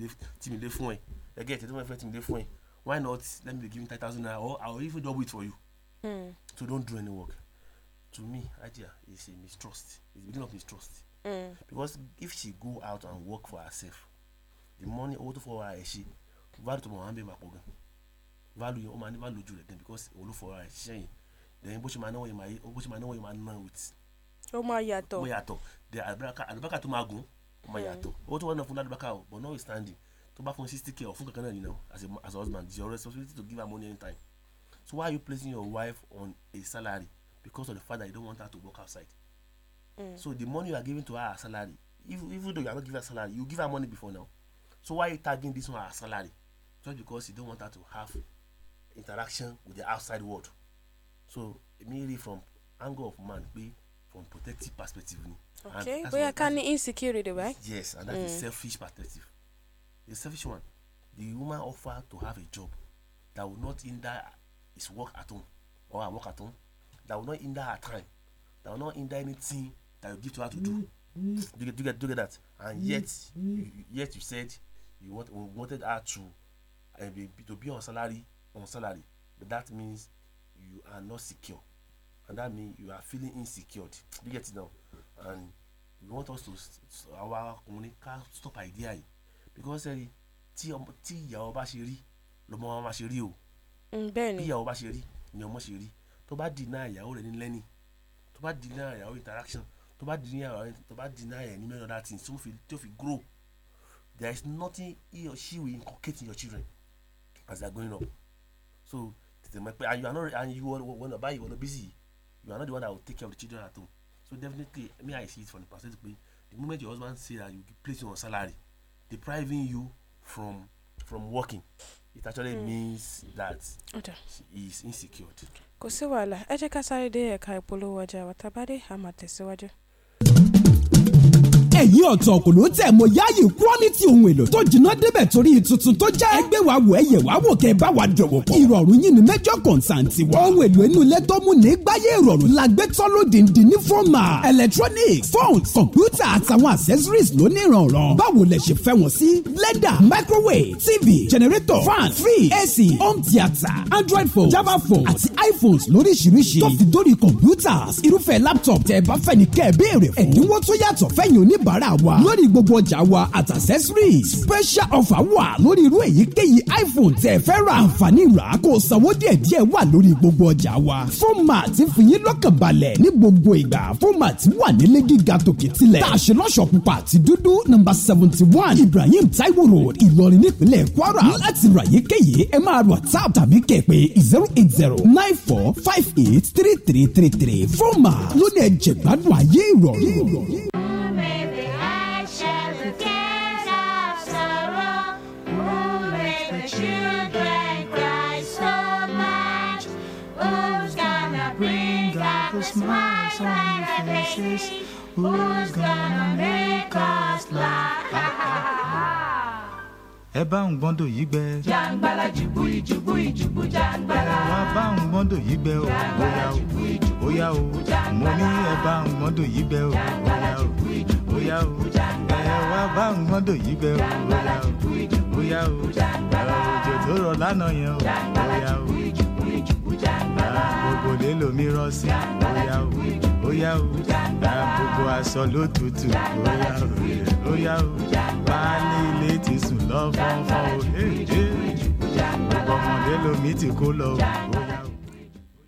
lè fún ẹ ẹgẹ́ ìtẹ́tẹ́ wọn fẹ́ tí mi lè fún ẹ why not let me be giving thirty thousand naira or i will even double it for you mm. to don't do any work to me Ajia is a mistrust it's the beginning of mistrust mm. because if she go out and work for herself the money owó tó fọwọ́ ara ẹ̀ value to mọ̀ wá ń bẹ̀ value your money, value ojú rẹ̀ because all for her, she, ẹ̀ ṣiṣẹ́ yẹn then bó ṣe máa náwó yẹn máa yé bó ṣe with. Oh my yato. ó yato. the alùbáríkà alùbáríkà to máa gùn ó máa hmm. yàtọ̀ owó tó wọ́n náà But alùbáríkà o but notwithstanding tó bá sixty k or fún kankan náà nínú as a as a husband it's your responsibility to give her money anytime So why are you placing your wife on a salary because of the fact that you don't want her to work outside? Mm. So the money you are giving to her as salary, even, even though you are not giving her salary, you give her money before now. So why are you tagging this one as salary? Just because you don't want her to have interaction with the outside world. So immediately from angle of man pé from protective perspective ni. okay bóyá ká ní insecurity right. yes and that mm. is selfish perspective. the selfish one the woman offer to have a job that will not hinder is work at home or I work at home that will not hinder her time that will not hinder anything that you give to her to do do you get do you get do get that and yet you, yet you said you want you wanted her to uh, be, to be on salary on salary but that means you are not secure and that means you are feeling insecure do you get it now and we want us to our community stop idea because ẹ eh, rí tí ìyàwó bá ṣe rí lọmọ wa máa ṣe rí o. Mm, bí ìyàwó bá ṣe rí ni ọmọ ṣe rí tó bá dìnnà ìyàwó rẹ ní lẹ́nì tó bá dìnnà ìyàwó interaction tó bá dìnnà ìyàwó tó bá dìnnà ẹ̀ ní many other things tó fi tó fi grow there is nothing he or she will inculcate in your children as they are growing up so tètè mọ̀ pé and you are not and you wọ́n náà báyìí wọ́n náà busy you are not the one that will take care of the children at home so definitely me i see it from the perspective pe the moment your husband say that you be placing on salary depriving you from from working it actually mm. means that okay. he is insecure. kò sí wàhálà ẹ jẹ́ ká sáré dé ẹ̀ka ìpolówó ọjà wàtàbádé àmàtẹ̀síwájú ẹ̀yin ọ̀tọ̀ kò ló tẹ̀ mọ yáàyè quality ohun èlò tó jiná débẹ̀ torí tuntun tó jẹ́. ẹgbẹ́ wa wò ẹ̀yẹ̀ wá wò kẹ́ bá wa dọ̀wọ̀ pọ̀. ìrọ̀rùn yìí ni major concern ti ohun èlò inú ilé tó mú ní gbáyé ìrọ̀rùn la gbé tọ́lódìndì ní fọ́ọ̀mà electronics phones computer àtàwọn accessories lóníranran. báwo lẹ ṣe fẹ́ wọn sí. blender microwave tv generator fan fridge ac home theatre android phone java phone àti iphones lóríṣiríṣi. tó fi dórí computers irúfẹ́ laptop tẹ́ ẹ ni kẹ́ ẹ béèrè fún. ẹ̀dínwó tó yàtọ̀ oníbàárà wa lórí gbogbo ọjà wa at accessories special offer wà lórí irú èyíkéyìí iphone tẹ́ fẹ́ ra àǹfààní rà kó sanwó díẹ̀díẹ̀ wà lórí gbogbo ọjà wa format fi yín lọ́kàn balẹ̀ ní gbogbo ìgbà format wà nílé gíga tòkè tilẹ̀ tá a ṣe lọ́ṣọ̀ pupa àti dúdú nọ́mbà seventy one ibrahim taiwo road ìlọrin nípínlẹ̀ kwara láti rà yíkéyìí ẹ máa rà tap tàbí kẹ̀pẹ́ zero eight zero nine four five eight three three three three format lónìí ẹ jẹ̀gbádùn ayé ìrọ̀rùn. stripes on your faces. Who's gonna make us laugh? ẹ bá ń gbọ́ndò yìí gbẹ. jàǹgbàlà jùbú ìjùbú ìjùbú jàǹgbàlà. wà á bá ń gbọ́ndò yìí gbẹ o. jàǹgbàlà jùbú ìjùbú ìjùbú jàǹgbàlà. mo ní ẹ bá ń gbọ́ndò yìí gbẹ o. jàǹgbàlà jùbú ìjùbú ìjùbú jàǹgbàlà. ẹ wà bá ń gbọ́ndò yìí gbẹ o. jàǹgbàlà jùbú ìjùbú ìjùbú jàǹgbàlà. òjò tó rọ lánàá yẹn o. jàǹgbàlà jùbú ìjùbú ìjùbú jàǹgbàlà. gbogbo lè lòmíràn sí. jàǹgbàlà óyá o gba gbogbo aṣọ lótútù óyá o óyá o baálé ilé ti sùn lọ fọ́nfọ́n o gbogbo ọmọdé lomi ti kó lọ óyá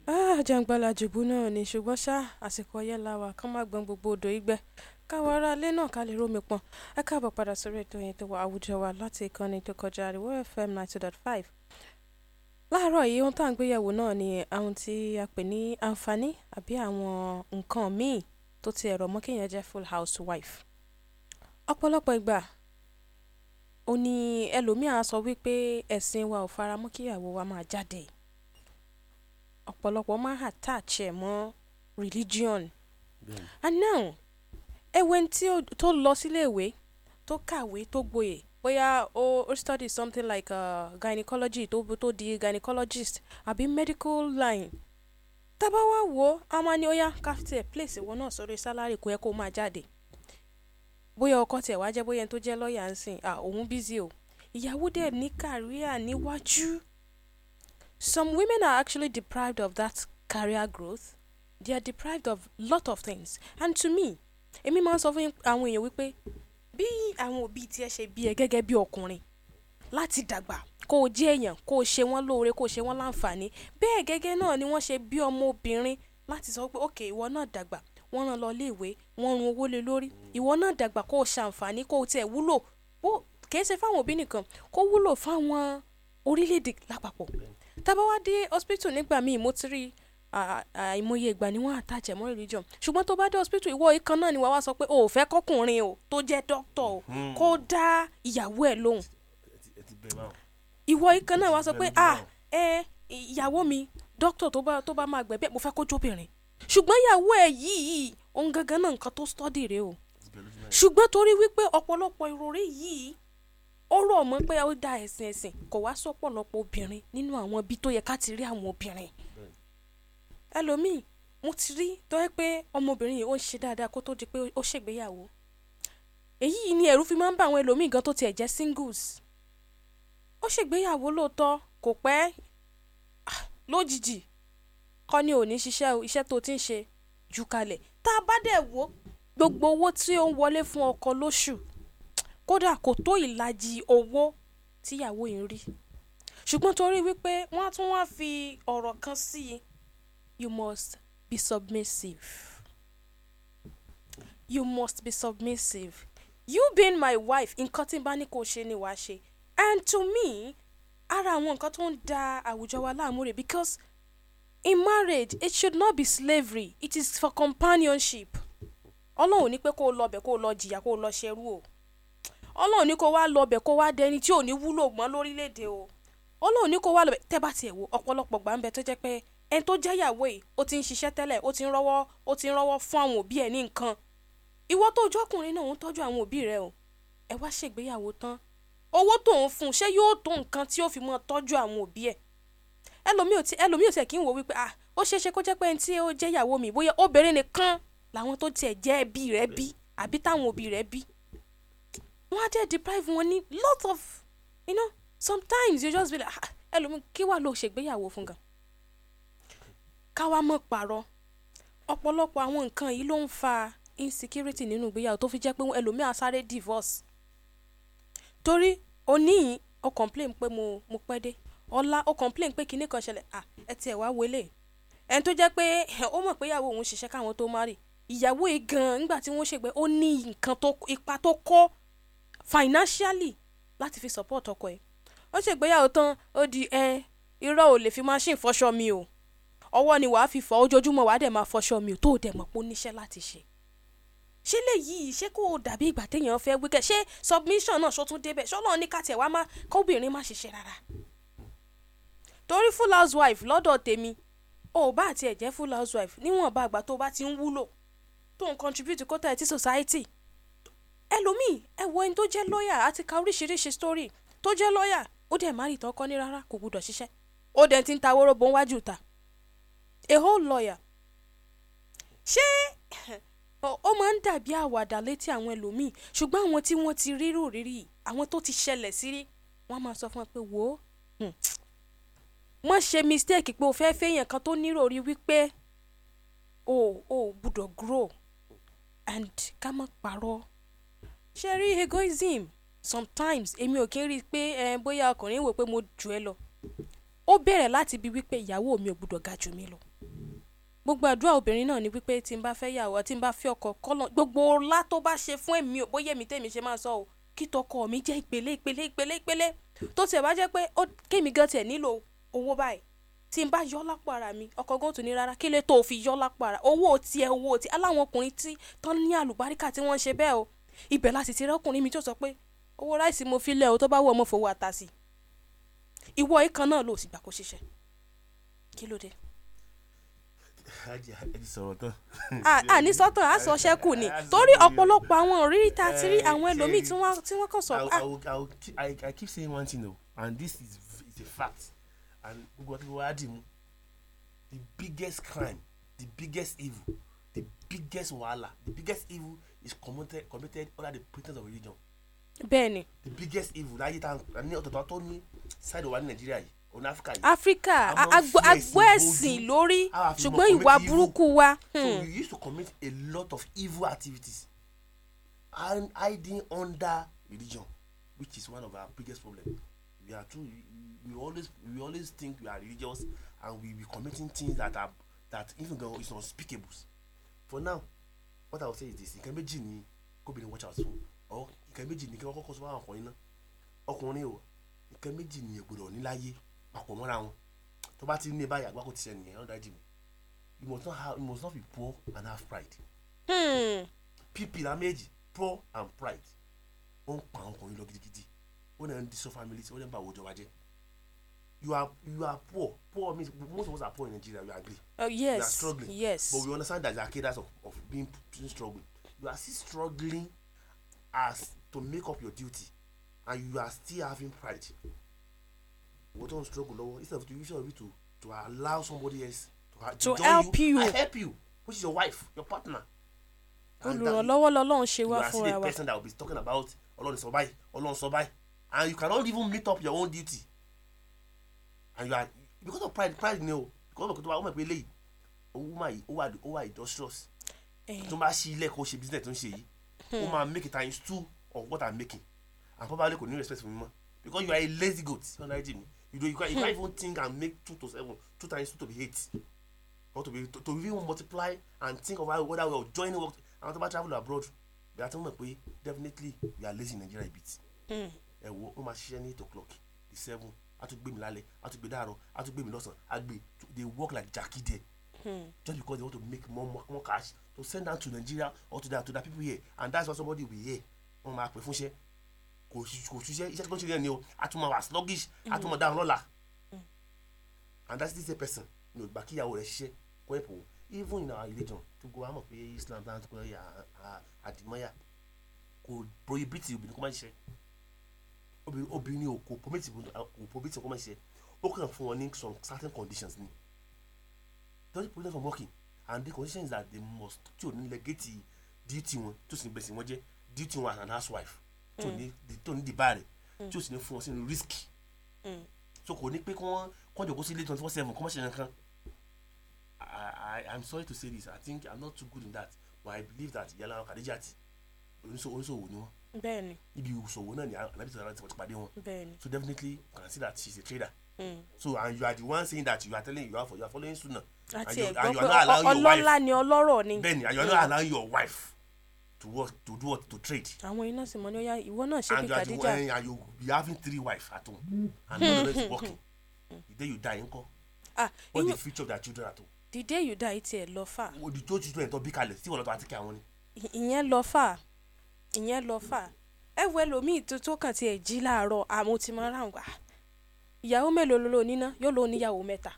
o. àjàngbàlà ah, jùbú náà ni ṣùgbọ́n ṣá àsìkò ọyẹ́ la wà kán má gbọ́n gbogbo odò ìgbẹ́ káwọn ará ilé náà ká lè rómi pọn ẹ káàbọ̀ padà sórí ètò yẹn tó wà àwùjọ wa láti ìkànnì tó kọjá àríwó fm ninety dot five Láàárọ̀ yìí ohun tá à ń gbéyẹ̀wò náà ni ohun tí a pè ní àǹfààní àbí àwọn nǹkan míì tó ti ẹ̀rọ mọ́ kéèyàn jẹ́ full housewife. Ọ̀pọ̀lọpọ̀ ìgbà ò ní ẹlòmíì á sọ wípé ẹ̀sìn wa ò fara mọ́ kí ìyàwó wa máa jáde. Ọ̀pọ̀lọpọ̀ máa ń attach ẹ̀ mọ́ religion. And now, ẹwo ẹni tí ó tó lọ sí tó kàwé, tó gboyè, bóyá ó study something like uh, gynecology tó tó di gynecologist àbí medical line tábà wá wo ó a máa ní ó yá káfíńtì place ìwọ náà sórí sálárì kó yẹ kó máa jáde bóyá ọkọ tiẹ̀ wá jẹ́ bóyá ẹni tó jẹ́ lọ́ọ̀yà ń sìn à òun bízí o ìyàwó dẹ̀ ní kàríà níwájú some women are actually deprived of that career growth they are deprived of lot of things and to me èmi máa ń sọ fún àwọn èèyàn wípé bí àwọn òbí tiẹ̀ ṣe bí ẹ gẹ́gẹ́ bí ọkùnrin láti dàgbà kó o jẹ́ èèyàn kó o ṣe wọ́n lóore kó o ṣe wọ́n láǹfààní bẹ́ẹ̀ gẹ́gẹ́ náà ni wọ́n ṣe bí ọmọ obìnrin láti sọ pé òkè ìwọ náà dàgbà wọ́n rán lọ ilé ìwé wọ́n run owó lé lórí ìwọ náà dàgbà kó o ṣàǹfààní kó o tiẹ̀ wúlò bó kìí ṣe fáwọn òbí nìkan kó wúlò fáwọn orílẹ̀-èdè lápapọ̀ tá bá wá dé hospital nígbà míì mo ti rí i àìmọye ìgbà ni wọ́n attach mọ́ religion ṣùgbọ́n tó bá dé hospital ìwọ ìkan náà ni wàá wá sọ pé o ò fẹ́ kọkùnrin o tó jẹ́ doctor o hmm. kó dá ìyàwó ẹ̀ lóhùn ìwọ ìkan náà wàá sọ pé ah ẹ ìyàwó mi doctor tó bá tó bá máa gbẹ̀bẹ̀ mo fẹ́ kó jóbìnrin ṣùgbọ́n ìyàwó ẹ̀ yìí òun gangan náà nǹkan tó study rèé o ṣùgbọ́n torí wípé ọ̀pọ̀lọpọ̀ ìròrí yìí ó rọ̀ mọ́ pé ó da ẹ̀sìn ẹ̀sìn kò wá sọ́pọ̀lọpọ̀ obìnrin nínú àwọn ibi tó yẹ ká ti rí àwọn obìnrin ẹlòmíì mo ti rí tó yẹ pé ọmọbìnrin yìí ó ń ṣe dáadáa kó tó di pé ó ṣègbéyàwó èyí ni ẹ̀rù fi máa ń bá àwọn ẹlòmíì gan tó tiẹ̀ jẹ́ singles ó ṣègbéyàwó lóòótọ́ kò pẹ́ ah, lójijì kọ́ ni ò ní ṣiṣẹ́ iṣẹ́ tó ti ń ṣe jù kalẹ̀ tá a bá dẹ̀ wò gbogbo owó tí ó ń wọlé fún ọkọ lóṣù kódà kò tó ìlàjì owó tíyàwó yìí ń rí ṣùgbọ́n torí wípé wọ́n tún wá fi ọ̀rọ̀ kan sí i you must be submissive. You must be submissive. You being my wife, in tí n bá ni wàá And to me, ara àwọn nǹkan tó ń da àwùjọ wa láàmú rè because in marriage it should not be slavery it is for companionship. Ọlọ́run ní pé kó o lọ bẹ̀ kó o lọ jìyà kó o lọ ṣerú o. Ọlọ́run ni kó o wá lọ bẹ̀ kó o wá dẹni tí ò ní wúlò mọ́ lórílẹ̀‐èdè o. Ọlọ́run ní kó o wá lọ bẹ̀ tẹ́ bá tiẹ̀ wo ọ̀pọ̀lọpọ̀ gbà tó jẹ́ pé ẹni tó jẹ́ ìyàwó yìí ó ti ń ṣiṣẹ́ tẹ́lẹ̀ ó ti ń rọ́wọ́ ó ti ń rọ́wọ́ fún àwọn òbí ẹ̀ ní nǹkan ìwọ tó jọkùnrin náà ń tọ́jú àwọn òbí rẹ o ẹ wá ṣègbéyàwó tán owó tó ń fún un ṣé yóò tó nǹkan tí ó fi mọ tọ́jú àwọn òbí ẹ̀ ẹlòmíì ò tiẹ̀ kí ń wò wípé ah ó ṣeé ṣe kó jẹ́ pé ẹni tí ó jẹ́ ìyàwó mi bóyá obìnrin nìkan làwọn tó tiẹ̀ jẹ́ ẹbí rẹ bí àbí táwọn òbí rẹ bí wọ́n á dẹ̀ deprive wọn ní lot of you know sometimes you just be like ah ẹlòmíì kí wàá lọ ṣègbéyàwó fún gan ká wá mọ̀ pàrọ̀ ọ̀pọ̀lọpọ̀ àwọn nǹkan yìí ló ń fa insecurity nínú ìgbéyàwó tó fi jẹ́ pé ẹlòmíà sáré divorce torí oníyìn o complain pé mo mo pẹ́ dé ọ̀la ó complain pé kinní kan ṣẹlẹ̀ à ẹ tiẹ̀ wá wọlé ẹni tó jẹ́ pé ó mọ̀ pé ìyàwó òun ṣiṣẹ́ káwọn tó má rì ìyàwó yìí gan nígbà tí wọ́n ṣègbè ó ní nǹkan tó ipa tó kó financially láti fi support ọkọ ẹ̀ ó ṣègbéyàwó tán ó di ẹ irọ́ ò lè fi machine fọṣọ mi o ọwọ́ ni wàá fi fọ ojoojúmọ́ wàá dẹ̀ máa fọṣọ mi ò tó dẹ̀ mọ̀ pé ó níṣẹ́ láti ṣe ṣé léyìí ṣé kò dàbí ìgbà téèyàn fẹ́ wíkẹ́ ṣé submission náà ṣó tún débẹ̀ ṣó náà ní kàtẹ́ wá má kóbìnrin má ṣiṣẹ́ rárá torí full housewife lọ́dọ̀ tèmi ò bá àti ẹ̀ jẹ́ full housewife níwọ̀nba àgbà tó bá ti ń wúlò tó ń contribute kótà ẹ̀ tí society ẹlòmíì ẹ wo ẹni tó jẹ́ lọ́ọ̀yà àti ka oríṣiríṣi story tó jẹ́ lọ́ọ̀yà ó dẹ̀ má rí ìtàn kọ́ ní rárá kò gbúdọ̀ ṣiṣẹ́ ó dẹ̀ ti ń ta wóróbo wájú ta a whole lawyer ṣé ó máa ń dàbí àwàdà létí àwọn ẹlòmíì ṣùgbọ́n àwọn tí wọ́n ti rírò rírì àwọn tó ti ṣẹlẹ̀ sí rí wọ́n máa sọ fún ẹ pé wò ó hmm, má ṣe mistake pé o fẹ́ fẹ́yàn kan tó níròrí wípé o ò gbúdọ̀ grow and ká má parọ́ ṣe rí egoism sometimes èmi ò kí ń rí i pé eh, bóyá ọkùnrin wò pé mo jù ẹ lọ ó bẹ̀rẹ̀ láti bi wípé ìyàwó mi ò gbúdọ̀ ga jù mí lọ gbogbo àdúrà obìnrin náà ni wípé tí n bá fẹ́ yàwó tí n bá fẹ́ ọkọ kọ́lọ̀ gbogbo ọlá tó bá ṣe fún èmi ò bóyá èmi tèmi ṣe máa sọ o kí tọkọ mi jẹ́ ìpele ìpele ìpele ìpele tó tiẹ̀ bá jẹ́ pé kémi gan tiẹ̀ nílò owó báyìí tí n bá yọ lápò ara mi ọkọ gan tún ní rárá kí lè tó o fi yọ lápò ara owó tiẹ̀ owó tiẹ̀ aláwọn ọkùnrin tí tán ní àlùbáríkà tí wọ́n ń ṣe bẹ́ẹ̀ o ibẹ̀ láti ti rẹ́kùnrin mi tó sọ pé owó ráìsì mo fi lẹ́ o tó bá wù ọmọ fowó àtàsì ìwọ ìkan náà ló a ní sọ́tàn á sọ ṣẹ́kù ni torí ọ̀pọ̀lọpọ̀ àwọn òrírí ta ti rí eh, àwọn ẹlòmíì tí wọ́n kàn sọ. Ah. I keep saying one thing though, and this is, is a fact and gbogbo akẹ́kọ̀ọ́ wa dì mú the biggest crime the biggest evil the biggest wahala the biggest evil is committed committed under the pretext of religion. bẹ́ẹ̀ni. the biggest evil láyé tá a ní ọ̀tọ̀ọ̀tọ̀ tó ní side wa ní nàìjíríà yìí òun áfíríkà yìí. áfíríkà agbó ẹ̀sìn lórí ah, ṣùgbọ́n ìwà burúkú wa. so hmm. we used to commit a lot of evil activities and hiding under religion which is one of our biggest problems we are too we, we always we always think we are religious and we be committing things that are that even though it's unspeakable for now what i will say is this nǹkan méjì ni kóbìnrin watch out fún ọ nǹkan méjì ni kí wọn kọ́kọ́ sọ fún àwọn ọkùnrin náà ọkùnrin o nǹkan méjì ni ègbòdò ní láyé papọ̀ mọ́ra wọn tó bá ti ní e báyìí àgbákò ti ṣe nìyẹn ọ̀dà jìbò you must not have you must not be poor and have pride. pp hmm. la méjì poor and pride ó ń pa àwọn ọkùnrin lọ gidigidi ó náà ń diso family ó náà ń ba àwùjọ wa jẹ́ you are you are poor poor means most of us are poor in Nigeria You agree. Uh, yes we are oh, struggling yes but we understand that there are cadres of of being struggling you are still struggling as to make up your duty and you are still having pride wọ́n tó struggle lọ́wọ́ instead of you should be to to allow somebody else to, to help you, you help you which is your wife your partner. olùrànlọ́wọ́ lọ́lọ́run ṣe wá fúnra wa. you are still the person that will be talking about ọlọ́run sọ báyìí ọlọ́run sọ báyìí and you cannot even meet up your own duty and you are because of pride pride ni o because of kutuba o mọ̀ pé eléyìí owó máa yìí ó wà ó wà industrious eh. tó máa ṣí ilé ẹ̀kọ́ ṣe business tó ń ṣe yìí ó máa make it times two of what i'm making and probably kò ní respect for mi mọ́ because you are a lazy goat ṣé ọ̀nà ẹ̀jẹ̀ you know you can't, you can't hmm. even think and make two to seven two times two to be eight or to be to, to even multiply and think of how whether we are joining work àwọn tó about travel abroad bí a ti mọ̀ pé definitely we are lazy in Nigeria a bit hmm. ẹ wo wọ́n máa ṣiṣẹ́ ní eight o'clock the seven a tún gbé mi lálẹ́ a tún gbé dàárọ̀ a tún gbé mi lọ́sàn á gbé they work like jackie there hmm. just because they want to make more more, cash to send down to Nigeria or to that to that people here and that's why somebody will be here wọ́n máa pè fúnṣẹ́ kò ṣiṣẹ́ iṣẹ́ tó ń ṣe yẹn ni o a tún sluggish a tún máa dáhùn lọ́la mm. and that's this person ní ògbà kíyàwó rẹ̀ ṣiṣẹ́ kó ẹ̀pọ̀ wò even in our religion to go amọ̀ pé Islam náà tó kọ́ ẹ̀yà àdìmọ́yà kò prohibit obìnrin kó má ṣiṣẹ́ obìnrin ò kò prohibit kó má ṣiṣẹ́ ó kàn fún wọn ní some certain conditions ni don't prevent them from working and the condition is that they must tí ò ní legate duty wọn tó sì ń bẹ̀sìn wọn jẹ́ duty wọn as an housewife tó ní mm. tó ní dìbà rẹ̀ mm. tí o sì ní fún ọ sínú risk mm. so kò ní pé kí wọ́n kọ́jọ kó sí ilé twenty four seven kó má ṣe nǹkan I I'm sorry to say this I think I'm not too good in that but I believe that yàrá kàdéjà ti oníṣòwò oníṣòwò ni wọn. bẹ́ẹ̀ni ibi ìṣòwò náà ni alábi sọ̀rọ̀ ti pàdé wọn. bẹ́ẹ̀ni so definitely consider that she is a trader. Mm. so and you are the one saying that you are telling you are for you are following sunna. àti ẹ̀gbọ́n pé ọlọ́lá ni ọlọ́rọ̀ ni. bẹ́ẹ̀ni and you are not allowing your wife to work, to do what to trade. àwọn iná sì mọ ní ọyá ìwọ náà ṣe bí kàdíjà. and you you, uh, having three wives at home and none of them is hmm. working the day you die ńkọ́. ah what you, the future of their children at home. the day you die tiẹ̀ lọ fà. o di tó children tó bí kalẹ̀ tí wọn lọ tó àti kí àwọn ni. ìyẹn lọ fà ìyẹn lọ fà ẹ wo ẹlòmíì tó tó kàn tiẹ̀ jí láàárọ̀ àmọ́ ti máa ń ràn wá ìyàwó mélòó ló lò níná yóò lò níyàwó mẹ́ta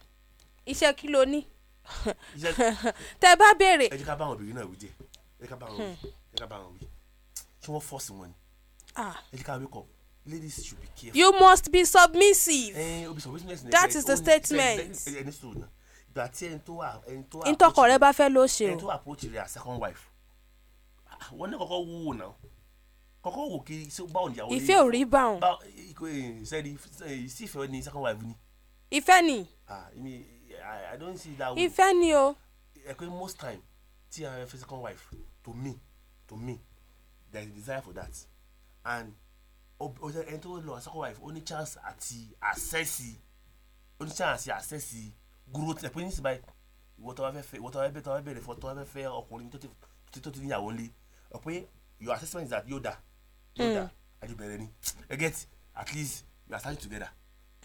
iṣẹ́ kí ló ní tẹ bá béèrè. ẹ jẹ́ ká bá àwọn obìnrin náà wí díẹ̀ ẹ jẹ́ ká bá àwọn hmm. obìnrin ẹ wí ṣé wọ́n fọ́ọ̀sì wọn ni ah. ẹ wake up ladies should be careful. you must be submissive. ẹ o be submissiveness nẹ that is the statement. ẹni sùn náà ìgbà tí ẹni tó wà ẹni tó wà. ntọkọ rẹ bá fẹ́ ló ṣe o. ẹni tó approach rẹ as second wife ah, wọ́n ní kọ́kọ́ wúwo náà kọ́kọ́ wò kí báwọn ìyàwó. ìfẹ́ ò rí báwọn. sẹ́ni ìsìfẹ́ ni second wife ni. ìfẹ́ ni. ah I mean I don't see that way. ìfẹ́ ni o. ẹ pé most time tí a fẹ́ second wife to me to me there is desire for that and ọjọ ẹni lọ asakọ wife ó chance àti àṣẹ́sì ó ní chance àti àṣẹ́sì growth ẹ̀ pé ní síbáyé ìwọ tó wá fẹ́ fẹ́ ìwọ tó wá fẹ́ tó wá bẹ̀rẹ̀ fọ tó wá fẹ́ ọkùnrin tó tó ti níyàwó lé ọ your assessment is that yóò dà yóò dà àjùbẹ̀rẹ̀ hmm. ni ẹ get at least you are starting together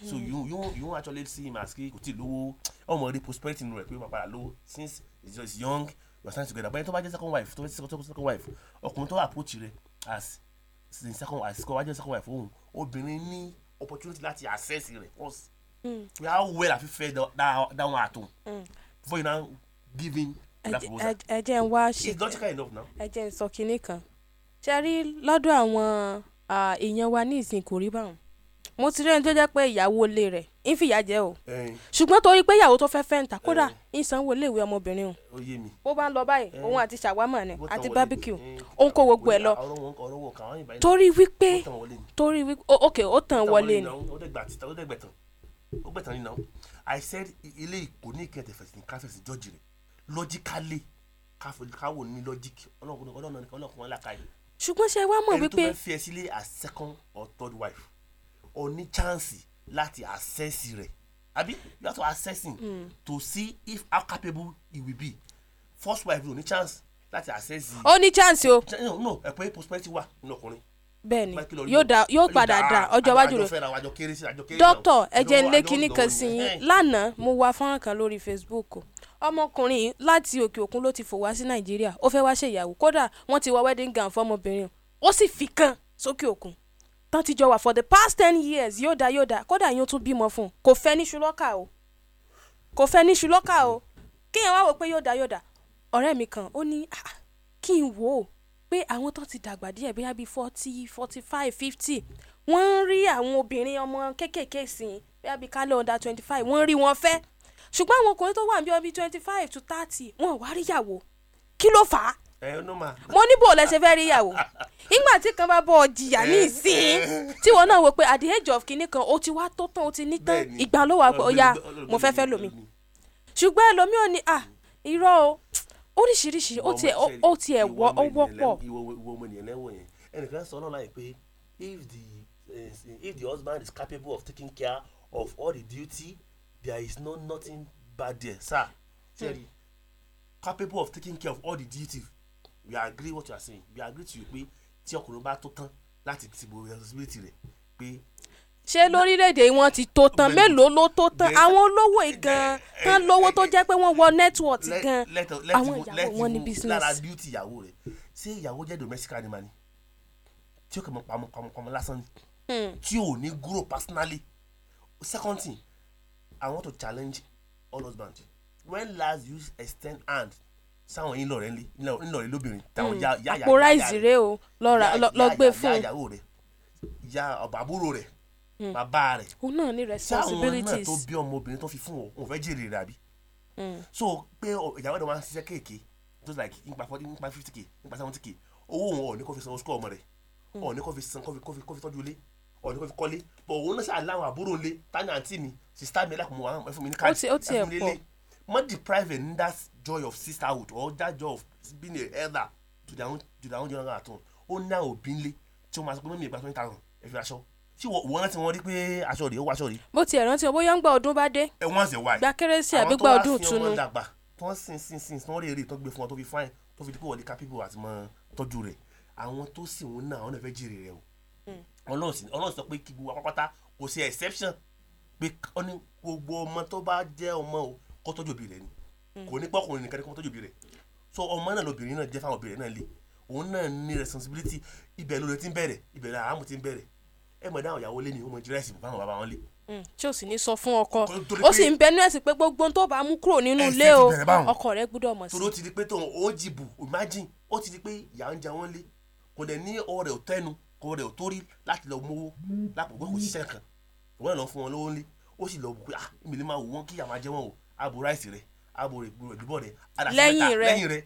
so hmm. you you you actually see him as kò tí lówó ọmọ rí prosperity nù rẹ pé ó máa padà lówó since he is just young you are signing together but ẹni tó bá jẹ́ second wife tó bá jẹ́ second wife ọkùnrin tó approach rẹ as the second as kọ́ wá jẹ́ second wife òun obìnrin ní opportunity láti access rẹ̀ cause hmm. we are well àfi fẹ́ dá wọn àtò before you now give in that proposal ẹ jẹ́ ń wá ṣe it's logical enough now ẹ jẹ́ ń sọ kinní kan ṣe rí lọ́dọ̀ àwọn èèyàn wa ní ìsìn kò rí báwọn mo ti rí ẹni tó jẹ́ pé ìyàwó ilé rẹ̀ ń fìyà jẹ o ṣùgbọ́n torí pé ìyàwó tó fẹ́ fẹ́ǹta kódà ń sanwó iléèwé ọmọbìnrin o bó bá ń lọ báyìí òun àti ṣàwámà ni àti barbecue òun kò wo gbẹ lọ torí wípé torí wípé ok ó tàn wọlé ni. ó gbẹ̀tàn nínú I said ilé ìkó ní ìkẹtẹ fẹsẹ̀ ní káfẹ́sì jọ́ọ̀jì rẹ̀ lọ́jíkálẹ̀ káwò ní lọ́jíkì ọlọ́run náà ọlọ́run wọn làkàyè. ṣùgbọ́n ṣe wá mọ̀ wípé ẹni tó fẹ́ fi ẹ sílé as second or third wife ó ní chance láti assess rẹ̀ àbí you have to assess him mm. to see if how capable he will be first wife no ní chance láti assess him. ó ní chance o. no no ẹ pé prosperity wà nínú ọkùnrin bẹ́ẹ̀ni yóò da yóò padà da ọjọ́ iwájú rẹ dókítà ẹ jẹ́ lé kinní kan sí yín lánàá mo wá fọ́nrán kan lórí Facebook ọmọkùnrin láti òkè òkun ló ti fò wá sí Nàìjíríà ó fẹ́ wá ṣèyàwó kódà wọ́n ti wá wedding gown fọ́mọbìnrin ó sì fi kan sókè òkun tán ti jọ wà for the past ten years yóò dá yóò dá kódà yóò tún bímọ fún un kò fẹ́ níṣu lọ́kà o kò fẹ́ níṣu lọ́kà o kéèyàn wá wò pé yóò dá yóò dá ọ̀rẹ́ mi kan ó ní ah, ah, kí n wò ó pé àwọn tó ti dàgbà díẹ̀ bóyá bíi forty forty five fifty wọ́n ń rí àwọn obìnrin ọmọ kéékèèké sí i bóyá bíi kálọ̀ under twenty five wọ́n rí wọn fẹ́ ṣùgbọ́n àwọn ọkùnrin tó wà ní ọbí twenty five to thirty wọn ò wá ríyàwó kí ló fà á mo ní bò lẹ ṣe fẹ́ rí ìyàwó ìgbà tí kan bá bọ̀ ọ jìyà ní eh. ìsín tí wọn náà wò pé at the age of kinní kan o ti wá tó tán o ti ní tán ìgbà ló wà pé ọya mo fẹ́ fẹ́ lomi ṣùgbọ́n ẹlòmíì ò ní à ah, irọ́ o oríṣiríṣi ó tiẹ̀ ó tiẹ̀ wọ́ ó wọ́pọ̀. ẹnìkan sọ ọlọ́run àìpé if the eh, if the husband is capable of taking care of all the duty there is no nothing bad there sir. Hmm. capable of taking care of all the duty we agree what you are saying we agree to you pé tí ọkùnrin bá tó tán láti ti bo responsibility rẹ̀ pé. ṣé lórílẹ̀‐èdè wọn ti tó tán mélòó ló tó tán àwọn olówó gan eh, eh, tán lówó tó eh, jẹ́ pé wọ́n wọ network gan àwọn ìyàwó wọn ní business. lára beauty ìyàwó rẹ̀ ṣé ìyàwó jẹ́ domestic animal ni tí ó kàn mọ́ pamọ́ pamọ́ pamọ́ lásán hmm. tí ò ní grow personally second thing i want to challenge all husband when last you extend hand sáwọn yín lọrẹ ńlọrẹ lóbìnrin táwọn yá yá yá àpò ráìsì rẹ o lọ gbé fún un yá àbúrò rẹ bàbá rẹ òun náà ní responsibilities sáwọn náà tó bí ọmọbìnrin tó fi fún ọ òun fẹ́ jèrè rẹ àbí so pé ìyàwó rẹ máa ń ṣiṣẹ́ kéèké just like nípa forty nípa fifty k nípa seventy k owó òun ọ̀ ní kó fi san oṣù kọ́ ọmọ rẹ ọ̀ ní kó fi san kó fi tọ́jú ilé ọ̀dọ́ kò fi kọ́lé bọ̀ òun náà ṣáà láwọn àbúrò ńlé tani àǹtí mi sista mi lákùnmọ́ àwọn ẹ̀fún mi ní káàdì ẹ̀fún mi lélẹ̀ not depriving that joy of sisterhood or that joy of being a elder to their own to their own younger at all. ó ná òbí ńlé tí wọ́n máa sọ pé mímì ìgbà twenty thousand ẹ fi aṣọ tí wọ́n rántí wọn rí pé aṣọ rèé ó wá aṣọ rèé. mo ti ẹ̀ rántí wọn bóyá ń gba ọdún bá dé. ẹ wọ́n ṣe wáyé gba kérésì àbí gba ọdún ìtùnú. àwọn tó wá sí ọmọ dàgbà tó ń sìn sìn sìn tó ń rèé rèé tó gbé fún wọn tó fi fáìn tó fi dípò wọlé kápípò àti mọ tọ́jú rẹ̀ àwọn tó sì wọn náà àwọn náà fẹ́ jèrè rẹ̀ o. Hmm. ọlọ́run sọ pé kí gbogbo apápátá kò sí exception pé gbogbo ọmọ tó bá jẹ́ ọmọ o kó tọ́jú òbí rẹ̀ ni kò ní pọ́kùnrin nìkan kó tọ́jú òbí rẹ̀ so ọmọ náà lóbìnrin náà jẹ́ fáwọn òbí rẹ̀ náà lé òun náà ní responsibility ibẹ̀ lóore ti ń bẹ̀rẹ̀ ibẹ̀ la àmú ti ń bẹ̀rẹ̀ ẹ mọ̀ dáhùn ìyàwó lé ni ọmọ jírẹ́sì báwọn bàbá wọn lé. Mm, tí o sì ní sọ fún ọkọ ó sì ń bẹnu ẹ̀sìn pé gbogbo tó bá mú kúrò nínú ilé o ọkọ rẹ gbọ́dọ̀ mọ̀ sí. torí ó ti di pé tóun ó jìbù imagine ó ti di pé ìyá ń jẹ wọn lé kò dẹ̀ ní ọ̀rẹ́ ò tẹ́nu kò ọ̀rẹ́ ò torí láti lọ mówó lápò gbọ́ kò ṣiṣẹ́ kan òun náà lọ fún wọn lówó ńlé ó sì lọ bù pé ah mi lè máa wò wọ́n kí àwọn ajẹ́ wọn o abo ráìsì rẹ abo ìdúbọ̀ rẹ lẹ́yìn rẹ lẹ́yìn rẹ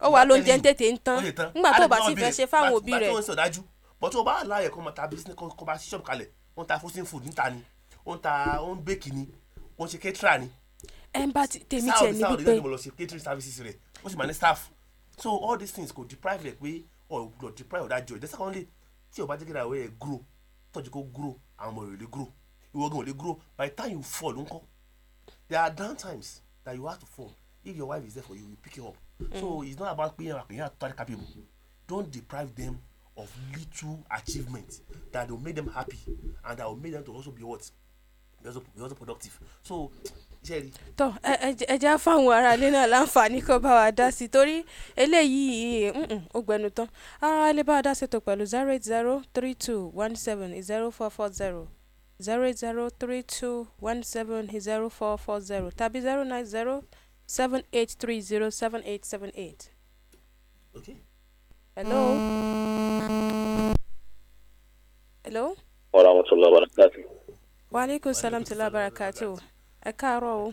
ó wà ló ń jẹ́ tètè ń tán nígbà tó o bá sì fẹ́ ṣe fáwọn òbí rẹ. bàtí o bá láàyè kó máa ta business kó bá ṣíṣọ́ọ̀bù kalẹ̀ ó ń ta frozen food níta ni ó ń ta ó ń bèkì ni ó ń ṣe kẹ́tìrà ni. ẹ tèmi tiẹ̀ níbi pé sáà ọ̀dẹ̀ sáà ọ̀dẹ̀ catering services rẹ̀ ó sì so all these things go deprive rẹ̀ pé ọ̀gbọ̀n deprive ọ̀dájọ́ ìdẹ́sẹ̀ kan lè tí o bá jẹ́ kí ìdáwọ́ yẹ grow tọ́jú kó grow àwọn ọmọ rẹ̀ lè grow ìwọ́gàn lè grow by the time you fall ńkọ́ there are down times that you have to phone if your wife is there for you you pick her up mm. so it's not about pe yan pe yan totally capable don deprive them of little achievement that will make them happy and that will make them to also be what be also be also productive so jerry. tọ ẹ ẹ já fáwọn aráalé náà láǹfààní kó bá wa dá sí i torí eléyìí ó gbẹnu tán aráalé bá wa dá sí ètò pẹ̀lú zero eight zero three two one seven zero four four zero zero eight zero three two one seven zero four four zero tàbí zero nine zero seven eight three zero seven eight seven eight. okay. hello. hello. wa rahmatullahi wa barakatuh. wa aleykum salam tila barakatuh ẹ káàárọ̀ o.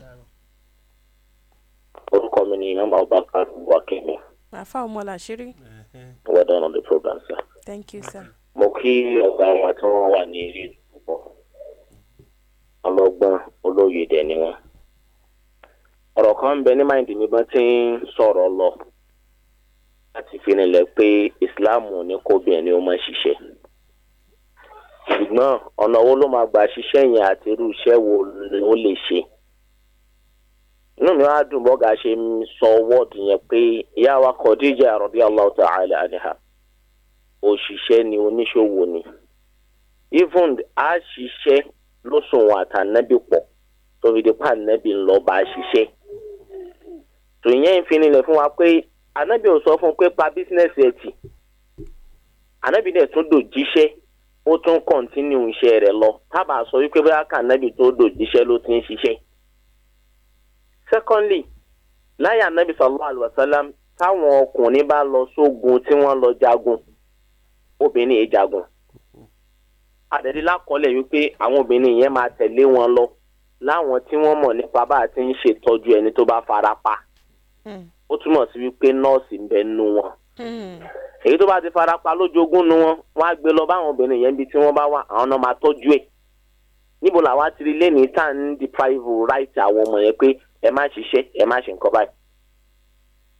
orúkọ mi ni imam abubakar wakemi. àfa ọmọ làṣírí. well done on the program sir. thank you sir. mo kí ọgbà àwọn tí wọn wà ní ilé. quarrel kan bẹ ní ti ń sọ̀rọ̀ lọ láti fi pé ìsìláàmù ní ni ó máa ṣiṣẹ́ ṣùgbọ́n ọ̀nà wo ló máa gba ṣiṣẹ́ yẹn àti irú iṣẹ́ wo ni ó lè ṣe inú mi wá dùn bọ́gà ṣe ń sọ wọ́ọ̀dù yẹn pé ìyá wa òṣìṣẹ́ ni oníṣòwò ni even a ṣiṣẹ́ lóṣùwọ̀n pọ̀ tó fi di pa ànábì ń lọ bá a ṣiṣẹ́ tò yẹn ń fi nílẹ̀ fún wa pé ànábì ò sọ fún un pé pa bísínẹ́sì ẹ̀ tì ànábì dẹ̀ tún dòjíṣẹ́ ó tún kọ̀ntínú iṣẹ́ rẹ̀ lọ tábà sọ wípé bóyá kànábì tó dòjíṣẹ́ ló ti ń ṣiṣẹ́. secondly láyé ànábì sallallahu alaihi wasallam táwọn ọkùnrin bá lọ sógun tí wọ́n lọ jagun obìnrin yìí jagun. àdẹ̀dí lákọọ́lẹ̀ wípé àwọn obìnrin yẹn máa tẹ̀lé wọn lọ láwọn tí wọ́n mọ̀ nípa bá a ti ń ṣètọ́jú ẹni tó bá fara pa hmm. ó túmọ̀ sí wípé nọ́ọ̀sì ń bẹ nínú wọn hmm. èyí tó bá ti fara pa lójoogun nu wọn wọ́n á gbé lọ báwọn obìnrin yẹn bí tí wọ́n bá wà àwọn náà máa tọ́jú ẹ̀ níbo làwọn á ti rí lẹ́ni tá à ń deprive right àwọn ọmọ yẹn pé ẹ má ṣiṣẹ́ ẹ má ṣe nǹkan báyìí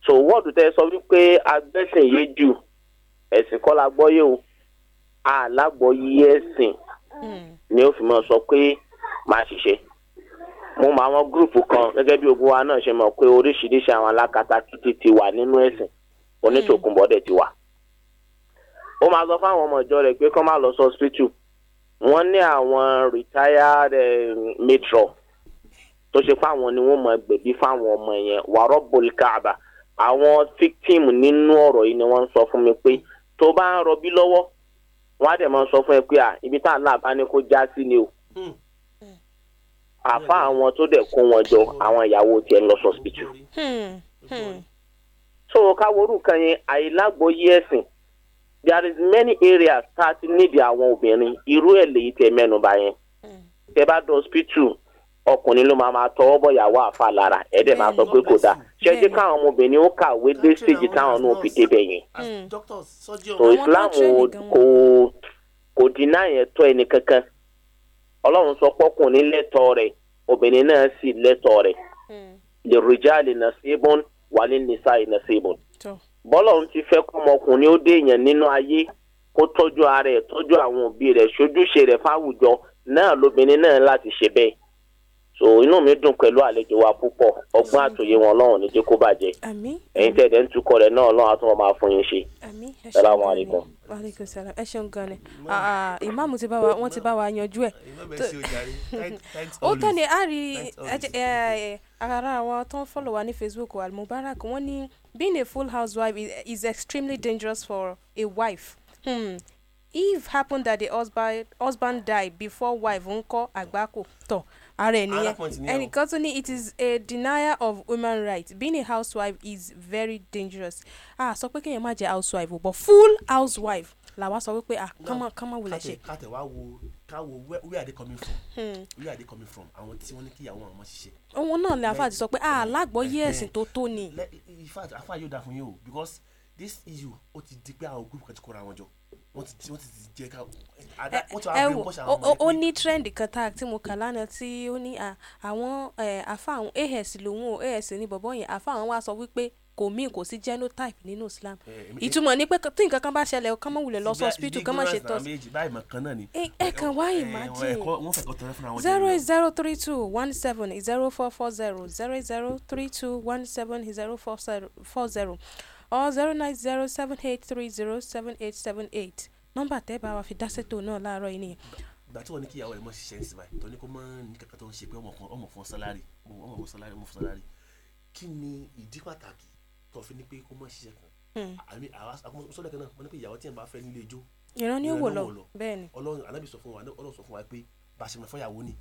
so wọ́ọ̀dù tẹ́ sọ wípé agbẹ́sìn yé jù ẹ̀sìn kọ́ la gbọ́ yé o àlágbọ́ yí ẹ̀sìn hmm. ni ó fi mọ̀ sọ pé má ṣiṣẹ́ mo mọ àwọn gúrùpù kan gẹ́gẹ́ bí gbogbo wa náà ṣe mọ̀ pé oríṣiríṣi àwọn alákatakítí ti wà nínú ẹ̀sìn onítòkùnbọ̀dẹ̀ ti wà. ó máa sọ fáwọn ọmọ ìjọ rẹ̀ pé kọ́ máa lọ sọ́spítù wọ́n ní àwọn retired um, tó ṣe fáwọn ni wọ́n mọ gbèbí fáwọn ọmọ yẹn wàrọ̀ àwọn victim nínú ọ̀rọ̀ yìí ni wọ́n sọ fún mi pé tó bá ń rọbí lọ́wọ́ wọ́n á dẹ̀ máa sọ fún ẹ pé ibi tá ń là bá o. Hmm. àfa àwọn tó dẹ̀ kó wọn jọ àwọn ìyàwó tiẹ̀ lọ sọ́sibítù. Hmm, hmm. so káworú kan yẹn àìlágbóyè ẹ̀sìn there is many areas tá a ti níbi àwọn obìnrin irú ẹ̀ lèyí tẹ mẹ́nuba yẹn hmm. tẹ bá dọ̀ sọ́sibítù ọkùnrin ló máa máa tọwọ́ bọ̀ yàwó àfa lára ẹ̀dẹ̀ máa sọ pé kò dáa ṣẹ́jú káwọn ọmọbìnrin ó kàwé dé stage táwọn náà fi débẹ̀ yẹn. so islam kò kò dínà yẹn tọ́ ẹnì kankan ọlọ́run sọ pọ́kùnrin lẹ́tọ̀ọ́ rẹ̀ obìnrin náà sì lẹ́tọ̀ọ́ rẹ̀ hmm. lèròjàlè nasibon wàlé nisai nasibon. bọ́lá òun ti fẹ́ kọ́ ọmọkùnrin ó dé èèyàn nínú ayé kó tọ́jú ara ẹ̀ tọ́jú àwọn òbí rẹ̀ ṣojúṣe rẹ̀ fáwùjọ náà lóbìnrin náà láti ṣe bẹ́ẹ̀ so inú mi dùn pẹ̀lú àlejò wa púpọ̀ ọgbọ́n àtòyé wọn lọ́rùn ní kó bàjẹ́ ẹ̀yin tẹ̀ ń tukọ̀ rẹ̀ náà lọ́run àtúnwọ̀n máa fún yín ṣe salamu alaykum. aleykum salam ẹ ṣeun gan ni ah, ah, ìmáàmù ti bá wa wọ́n ti bá wa yanjú ẹ̀. ó tọ́ ni a ara àwọn tó ń fọ́lọ̀ wa ní facebook almubarak wọ́n ní being a full housewife is extremely dangerous for a wife. Hmm. if happen that the husband, husband die before wife ńkọ́ àgbákò tọ̀ ara ẹ nìyẹn ẹnìkan tún ní it is a denial of women rights being a housewife is very dangerous ah sọ pé kéèyàn má jẹ housewife o but full housewife làwa sọ wípé ah kánmọ kánmọ wulẹ̀ ṣe. kàtẹ wá wo ká wo where, are they coming from hmm. where are they coming from àwọn tí wọ́n ní kí ìyàwó àwọn ọmọ ṣiṣẹ́. òun náà ni afa ti sọ pé ah lágbọ́yé ẹ̀sìn tó tó ni. in fact afa yóò dà fún yín o because this issue ó ti di pé àwọn group kan ti kóra wọn jọ wọ́n ti ó ní trend kan tí mo kà lánàá tí ó ní àwọn àfa àwọn lòun o as ní bọ̀bọ̀ yẹn àfa àwọn sọ wípé kò mí kò sí genotype nínú Islam ìtumọ̀ ni pé tí nǹkan kan bá ṣẹlẹ̀ ọkàn mọ̀ wulẹ̀ lọ sọ hospital kan mọ̀ ṣe tọ́ ẹ kàn wá ìmájì zero eight zero three two one seven zero four four zero zero zero three two one seven zero four four zero or zero nine zero seven eight three zero seven eight seven eight nọ́mbà tẹ́ bá wa fi dá sẹ́tò náà láàárọ̀ yìí nìyẹn. gbà tí wọn ní kíyàwó ẹ mọ ṣiṣẹ́ ń sinmi tó ní kó mọ ní kankan tó ń ṣe pé ọmọ kan ọmọ fún sálárì ọmọ fún sálárì ọmọ fún sálárì kí ni ìdí pàtàkì tó fi ní pé kó mọ ṣiṣẹ́ kan hmm. àmì àwa sọdọ kan náà wọn ní pé ìyàwó tí yẹn bá fẹ́ nílé ijó. ìran ni ó wò lọ bẹ́ẹ̀ ni. Ọlọ́run anábì sọ fún wa Ọlọ́run sọ fún wa pé ni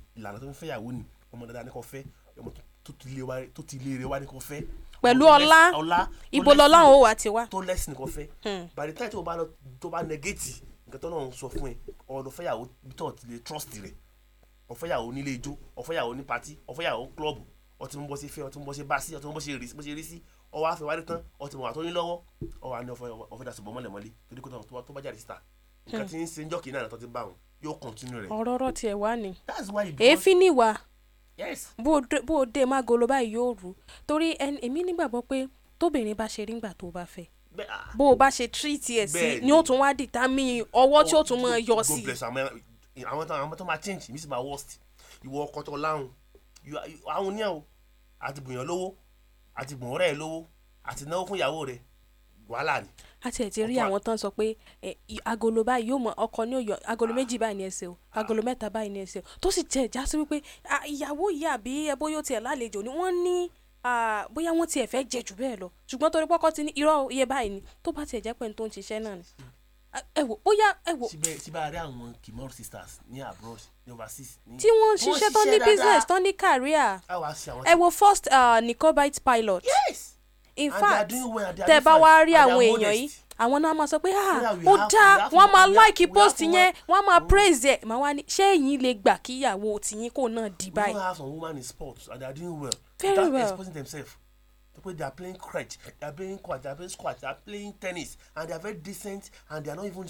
ìlànà pẹ̀lú ọlá ibo lọ́lọ́run ó wà ti wá. tó lẹ́sìn nìkan fẹ́ bàdé táyì tó bá lọ tó bá nẹgẹ́tì nǹkan tó náà ń sọ fún ẹ ọ̀nà fẹ́yàwó tó ti lè trust rẹ̀ ọ̀fẹ́yàwó nílé ijó ọ̀fẹ́yàwó ní pati ọ̀fẹ́yàwó klọ́ọ̀bù ọtí ń bọ́ sí fẹ́ ọtí ń bọ́ sí bá sí ọtí ń bọ́ sí rí sí ọwọ́ afẹ́ wárí tán ọtí mọ̀ àtọ́ ní lọ́wọ́ ọwọ́ àná ọ̀fẹ́ dasùbọ̀ mọ́lẹ̀mọ́lẹ̀ torí kó tó bá jáde síta nǹkan hmm. tí ń ṣe ń jọ́kì náà tó ti bá wọn yóò continue rẹ̀. ọ̀rọ̀ ọ̀rọ̀ tiẹ̀ wá ni èéfín níwà bó o dé má golo báyìí yóò rú torí èmi nígbàgbọ́ pé tóbìnrin bá ṣe rí nígbà tó bá fẹ́ ah. bó o bá ṣe tírìtì ẹ̀ sí ni ó tún wá determine ọwọ́ tí ó tún máa yọ sí. àwọn tó àwọn tó máa change mi sì máa worst ìwọ ọkọ tó láhùn àwọn oníyàwó àti bùyàn lówó àti bùnrẹ́ lówó àti náwó fún ìyàwó rẹ̀ wàhálà ni a tiẹ̀ ti rí àwọn tán sọ pé agolo báyìí yóò mọ ọkọ ní òyọ agolo méjì báyìí ní ẹsẹ̀ o agolo mẹ́ta báyìí ní ẹsẹ̀ o tó sì tiẹ̀ já sí wípé ìyàwó ìyá àbí ẹbó yóò tiẹ̀ lálejò ni wọ́n ní bóyá wọ́n tiẹ̀ fẹ́ jẹ jù bẹ́ẹ̀ lọ ṣùgbọ́n torí pọ́kọ́ ti ní irọ́ iye báyìí ni tó bá tiẹ̀ jẹ́ pé n tó ń ṣiṣẹ́ náà ni ẹ wò bóyá ẹ wò. síbẹ̀ síbẹ̀ àárẹ̀ àwọn Kimoru sisters ní abroad ní overseas. tí wọ́n ń ṣiṣẹ́ tán ní business tán ní career ẹ wò first uh, Nicobite pilot. yes in fact tẹ bá wá rí àwọn èèyàn yìí àwọn náà máa sọ pé ó dáa wọ́n máa like post yẹn wọ́n máa praise ẹ̀ màá wá ní ṣé ẹ̀yin lè gbà kíyàwó tìyín kò náà di báyìí. have some women in sports and they doing well very without well. exposing themselves people they are playing cricket. they are playing quad they are playing squash. they are playing tennis and they are very decent and they are not even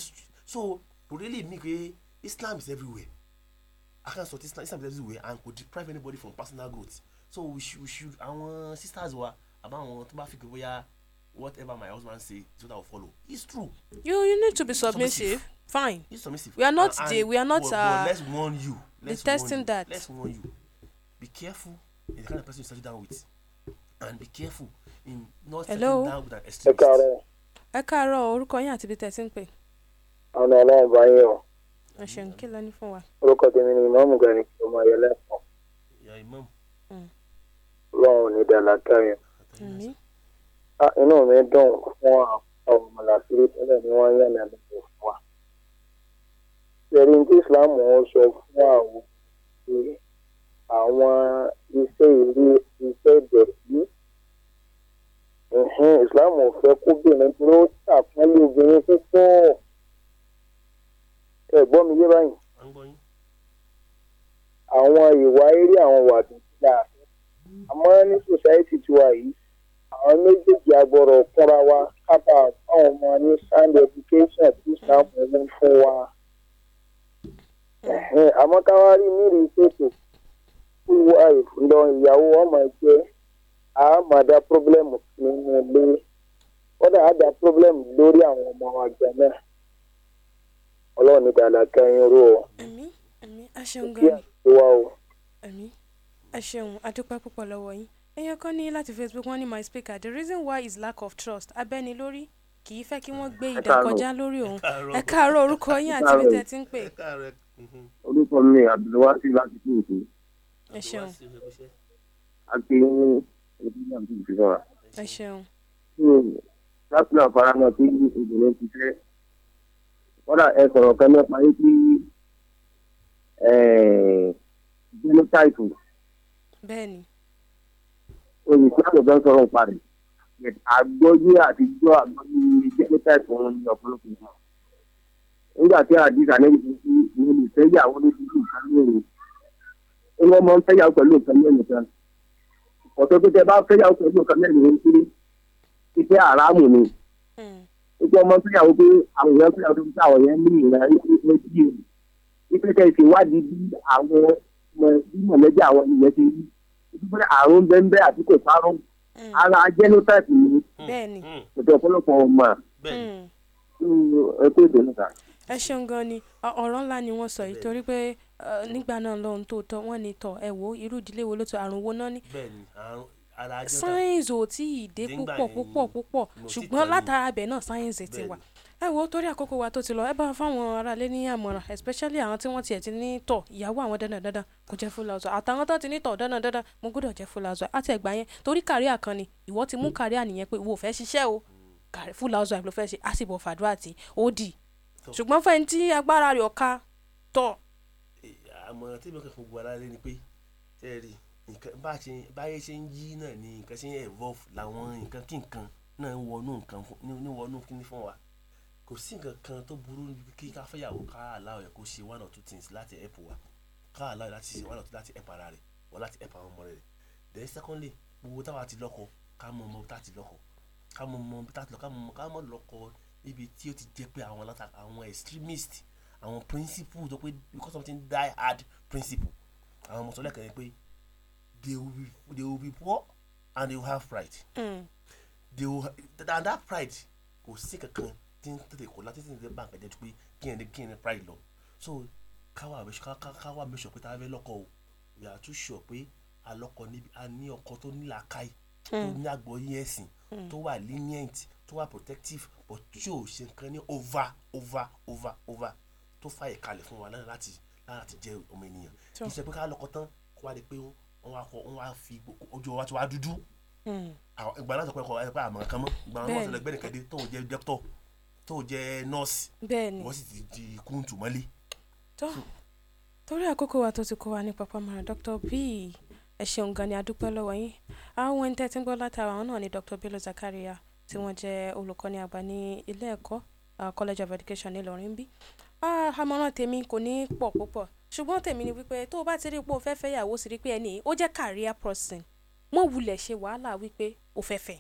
so really mean pe Islam is everywhere I can sort Islam, Islam is everywhere and could deprive anybody from personal growth so we should we should àwọn sisters wa àbáwọn tó bá fi gbé bóyá whatever my husband say is what I will follow it's true. you you need to be submissive, fine be submissive. we are not and, the we are not but, uh, let's warn you let's the testing warn you. that let's warn you be careful in the kind of person you settle down with and be careful in not Hello? settling down with an extremist. ẹ káàárọ̀ ẹ káàárọ̀ orúkọ yín àti ibi tẹ̀ sí ń pè. ọ̀nà ọlọ́run bá yín o. ẹ̀ṣẹ̀ ń kìlọ̀ ní fún wa. orúkọ tèmi ni ìmọ̀ọ́mù gani ọmọ ayẹlẹ́ kan. ìyá ìmọ̀ọ́mù. ọlọ́run ò ní dàlá káyọ̀ inú mi dùn fún àwọn ọmọlàkiri tẹ́lẹ̀ ni wọ́n yànnà lẹ́yìn fún wa. ṣẹ̀rí ní islam ń sọ fún àwọn pé àwọn iṣẹ́ ìlú iṣẹ́ ìdẹ̀tí islam ò fẹ́ kóbìnrin tí ó ṣàpọ́nlé obìnrin púpọ̀ ẹ gbọ́ mi yé báyìí àwọn ìwà eré àwọn wà tó dáa àmọ́ ní sòsáìtì tiwa yìí àwọn méjèèjì agbọ́rọ̀ kúnra wa kábà fún ọmọ ní sound education tí sàmù ń fún wa. àmọ́ káwá rí mírì ṣètò wíwú àìfúndọ̀ ìyàwó ọmọ jẹ́ àmàdá problem nínú ilé kódà àdá problem lórí àwọn ọmọ àgbà náà ọlọ́run ní dáadáa kẹrin rú o. àmín àmín aṣeun gan-an. kí àti wá o. àmín aṣeun púpọ̀ lọ́wọ́ yín èèyàn kan ní láti facebook wọ́n ní my speaker the reason why is lack of trust abẹ́nilórí kì í fẹ́ kí wọ́n gbé idà kọjá lórí òun ẹ káàárọ̀ orúkọ yín àti bí tẹ́ ti ń pè. Mhm. orúkọ mi abdulwasi láti kí n kú. ẹ ṣeun. àti ẹgbẹ́ àti ìfisọ́ra. ẹ ṣeun. láti náà fara náà tí obìnrin ti fẹ́ kódà ẹ sọ̀rọ̀ kan nípa yín pé eh, genotype. bẹ́ẹ̀ni oyè tí àgbẹ̀ ń sọ̀rọ̀ nípa rẹ̀ àgbọ́yé àti gbọ́ àgbọ́yé genotype òun ni ọ̀pọ̀lọpọ̀ náà nígbà tí àdìsá lẹ́yìn tó ti ní olùfẹ́yàwó lójú nǹkan lóore ó wọ́n mọ ń fẹ́yàwó pẹ̀lú nǹkan lóore kan ọ̀tọ̀ tó tẹ bá fẹ́yàwó pẹ̀lú nǹkan lóore hmm. ń kiri iṣẹ́ àràmù ni iṣẹ́ ọmọ fẹ́yàwó pé àwọn èèyàn fẹ́yàwó tó ń tẹ àwọn èèyàn ní ìlànà méjì ìpínlẹ̀ ìṣèwádìí bí àwọn mọ̀lẹ́bí àwọn ènìyàn ti rí pé àrùn bẹ́ńbẹ́ àti kò parun hmm. ara genotype ni ètò hmm. hmm. ọ̀pọ̀lọpọ̀ ọmọ ẹ̀kọ́ èdè níta. ẹ ṣeun gan ni ọ̀rọ̀ ńlá ni wọ́n sọ yìí torí pé nígbà náà lọ́hùn tó tọ́ wọ́n ní tọ̀ ẹ̀ wò irú ìdílé wo ló tọ́ àrùn wo náà ni. bẹ́ẹ̀ni àrùn sáyẹ́nsì ò tí ì dé púpọ̀ púpọ̀ púpọ̀ ṣùgbọ́n látara bẹ̀ náà sáyẹ́nsì ti wà ẹ wo torí àkókò wa tó ti lọ ẹ bá fáwọn aráalé ní àmọ̀ràn especially àwọn tí wọ́n tiẹ̀ ti ní tọ̀ ìyàwó àwọn dandan dandan kò jẹ́ full house àtàwọn tó ti ní tọ̀ dandan dandan mo gbọ́dọ̀ jẹ́ full house àti ẹ̀gbà yẹn torí career kan ni ìwọ ti mú hmm. career nìyẹn pé ìwọ ò fẹ́ o full house ló fẹ́ ṣe á fàdúrà tí ó dì ṣùgbọ́n fẹ́ni tí agbára rẹ̀ ọ̀ka tọ̀. àmọ̀ràn tí mo kàn fún gbogbo aráalé ni pé ṣe rí báyé ṣe ń yí náà ni kò sí nǹkan kan tó burú kí ká fẹ́yàwó ká aláwọ̀ yẹ kó ṣe one or two things láti help wa ká aláwọ̀ láti ṣe one or two láti help ara rẹ̀ wọ́n láti help àwọn ọmọ rẹ̀ then secondly gbogbo táwa ti lọ́kọ ká mọ ọmọ tá ti lọ́kọ ká mọ ọmọ tá ti lọ́kọ ká mọ lọ́kọ níbi tí ó ti jẹ́ pé àwọn àwọn extremist àwọn principle tó pé because something die hard principle àwọn ọmọ sọlẹ̀ kẹ́rin pé they will be they will be poor and they will have pride. Mm. they will and that pride kò sí kankan tí ń tètè kó láti tètè bá nǹkan jẹ́ pé kí ẹni kí ẹni pride lọ so káwa káwa mẹ́sọ̀ pé táwa fẹ́ lọ́kọ o we are too sure pé alọ́kọ níbi a ní ọkọ tó ní làákàyè tó hmm. ní àgbọ́yé ẹ̀sìn hmm. tó wà lenient tó wà protective but tí ò ṣe nǹkan ní over over over over tó fàyè kalẹ̀ fún wa láti láti jẹ́ ọmọ ènìyàn kì í ṣe pé ká lọ́kọ tán kó wá di pé wọ́n wá kọ wọ́n wá fi ojú wa ti wá dúdú hmm. ìgbà náà sọ pé ẹ̀kọ́ àmọ̀ kan mọ́ ìgbà náà wọ́n sọ lẹ́gbẹ́ni kẹ́dé tó ń jẹ́ dẹ́kítọ̀ tó jẹ́ nọ́ọ̀sì wọ́n sì ti di kúntù mọ́lé. torí àkókò wa tó ti kó wa ní Papa Mara Dr. B ẹ ṣeun gan ni a dúpẹ́ lọ́wọ́ yín àwọn ẹni tẹ́tí ń gbọ́ látara àwọn náà ni Dr. Bello Zakaria tí wọ́n jẹ́ olùkọ́ni àgbà ní ilé ẹ̀kọ́ College of Education nílọrin bí àmọ̀ràn tèmi kò ní pọ̀ púpọ̀ ṣùgbọ́n tèmi ni wípé tó o bá ti rí pé o fẹ́ fẹ́ yàwó sí rí pé ẹni ó jẹ́ career person mọ́ wulẹ̀ ṣe wàhálà wípé o fẹ́ fẹ́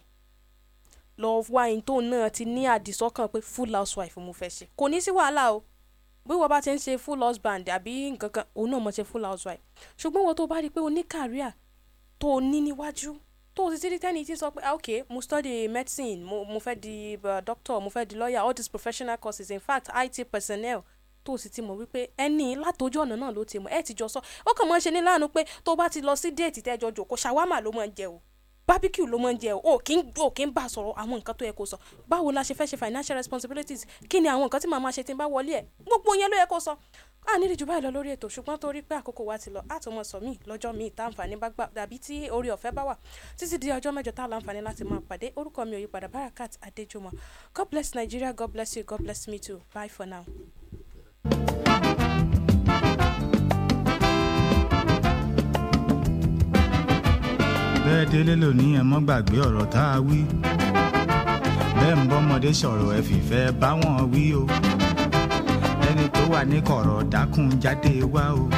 Love wá ẹni tóun náà ti ní àdìsọ́kàn pé full housewife mo fẹ́ ṣe kò ní sí wàhálà o bí wọ́n bá ti ń ṣe full husband àbí nǹkan kan òun náà mọ̀ ṣe full housewife ṣùgbọ́n wọ́n tó bá rí i pé o ní career tó o ní níwájú tó o sì ti rí tẹ́ni tí sọ pé ah, ok mo study medicine mo, mo fẹ́ di uh, doctor mo fẹ́ di lawyer all these professional courses in fact IT personnel tó o sì ti mọ̀ wípé ẹni látọjú ọ̀nà náà ló ti mọ̀ ẹ ti jọ sọ ó kàn mọ́ ṣe ní láàánú pé tó o bá ti lọ sí déètì tẹ́jọ jòkó ṣàwámà ló máa ń o barbecue ló máa ń jẹ o kì í o kì í bá sọ̀rọ̀ àwọn nǹkan tó yẹ kó sọ báwo la ṣe fẹ́ ṣe financial responsibilities kí ni àwọn nǹkan tí màá máa ṣe tí n bá wọlé ẹ̀ gbogbo yẹn ló yẹ kó sọ a ní ìdíjú báyìí lọ lórí ètò ṣùgbọ́n torí pé àkókò wa ti lọ àtọmọ sọ míì lọ́jọ́ míì tá àǹfààní bá gbà dàbí tí orí ọ̀fẹ́ bá wà títí di ọjọ́ mẹ́jọ tá láǹfààní láti máa pàdé orúkọ mi ò yí padà Barakat Adéjùmọ̀ God bless Nigeria God bless you God bless me too bye for now. bẹ́ẹ̀ délé lónìí ẹ mọ́ gbàgbé ọ̀rọ̀ tá a wí bẹ́ẹ̀ ń bọ́mọdé sọ̀rọ̀ ẹ fìfẹ́ bá wí o ẹni tó wà ní kọ̀rọ̀ dákun jáde wá o.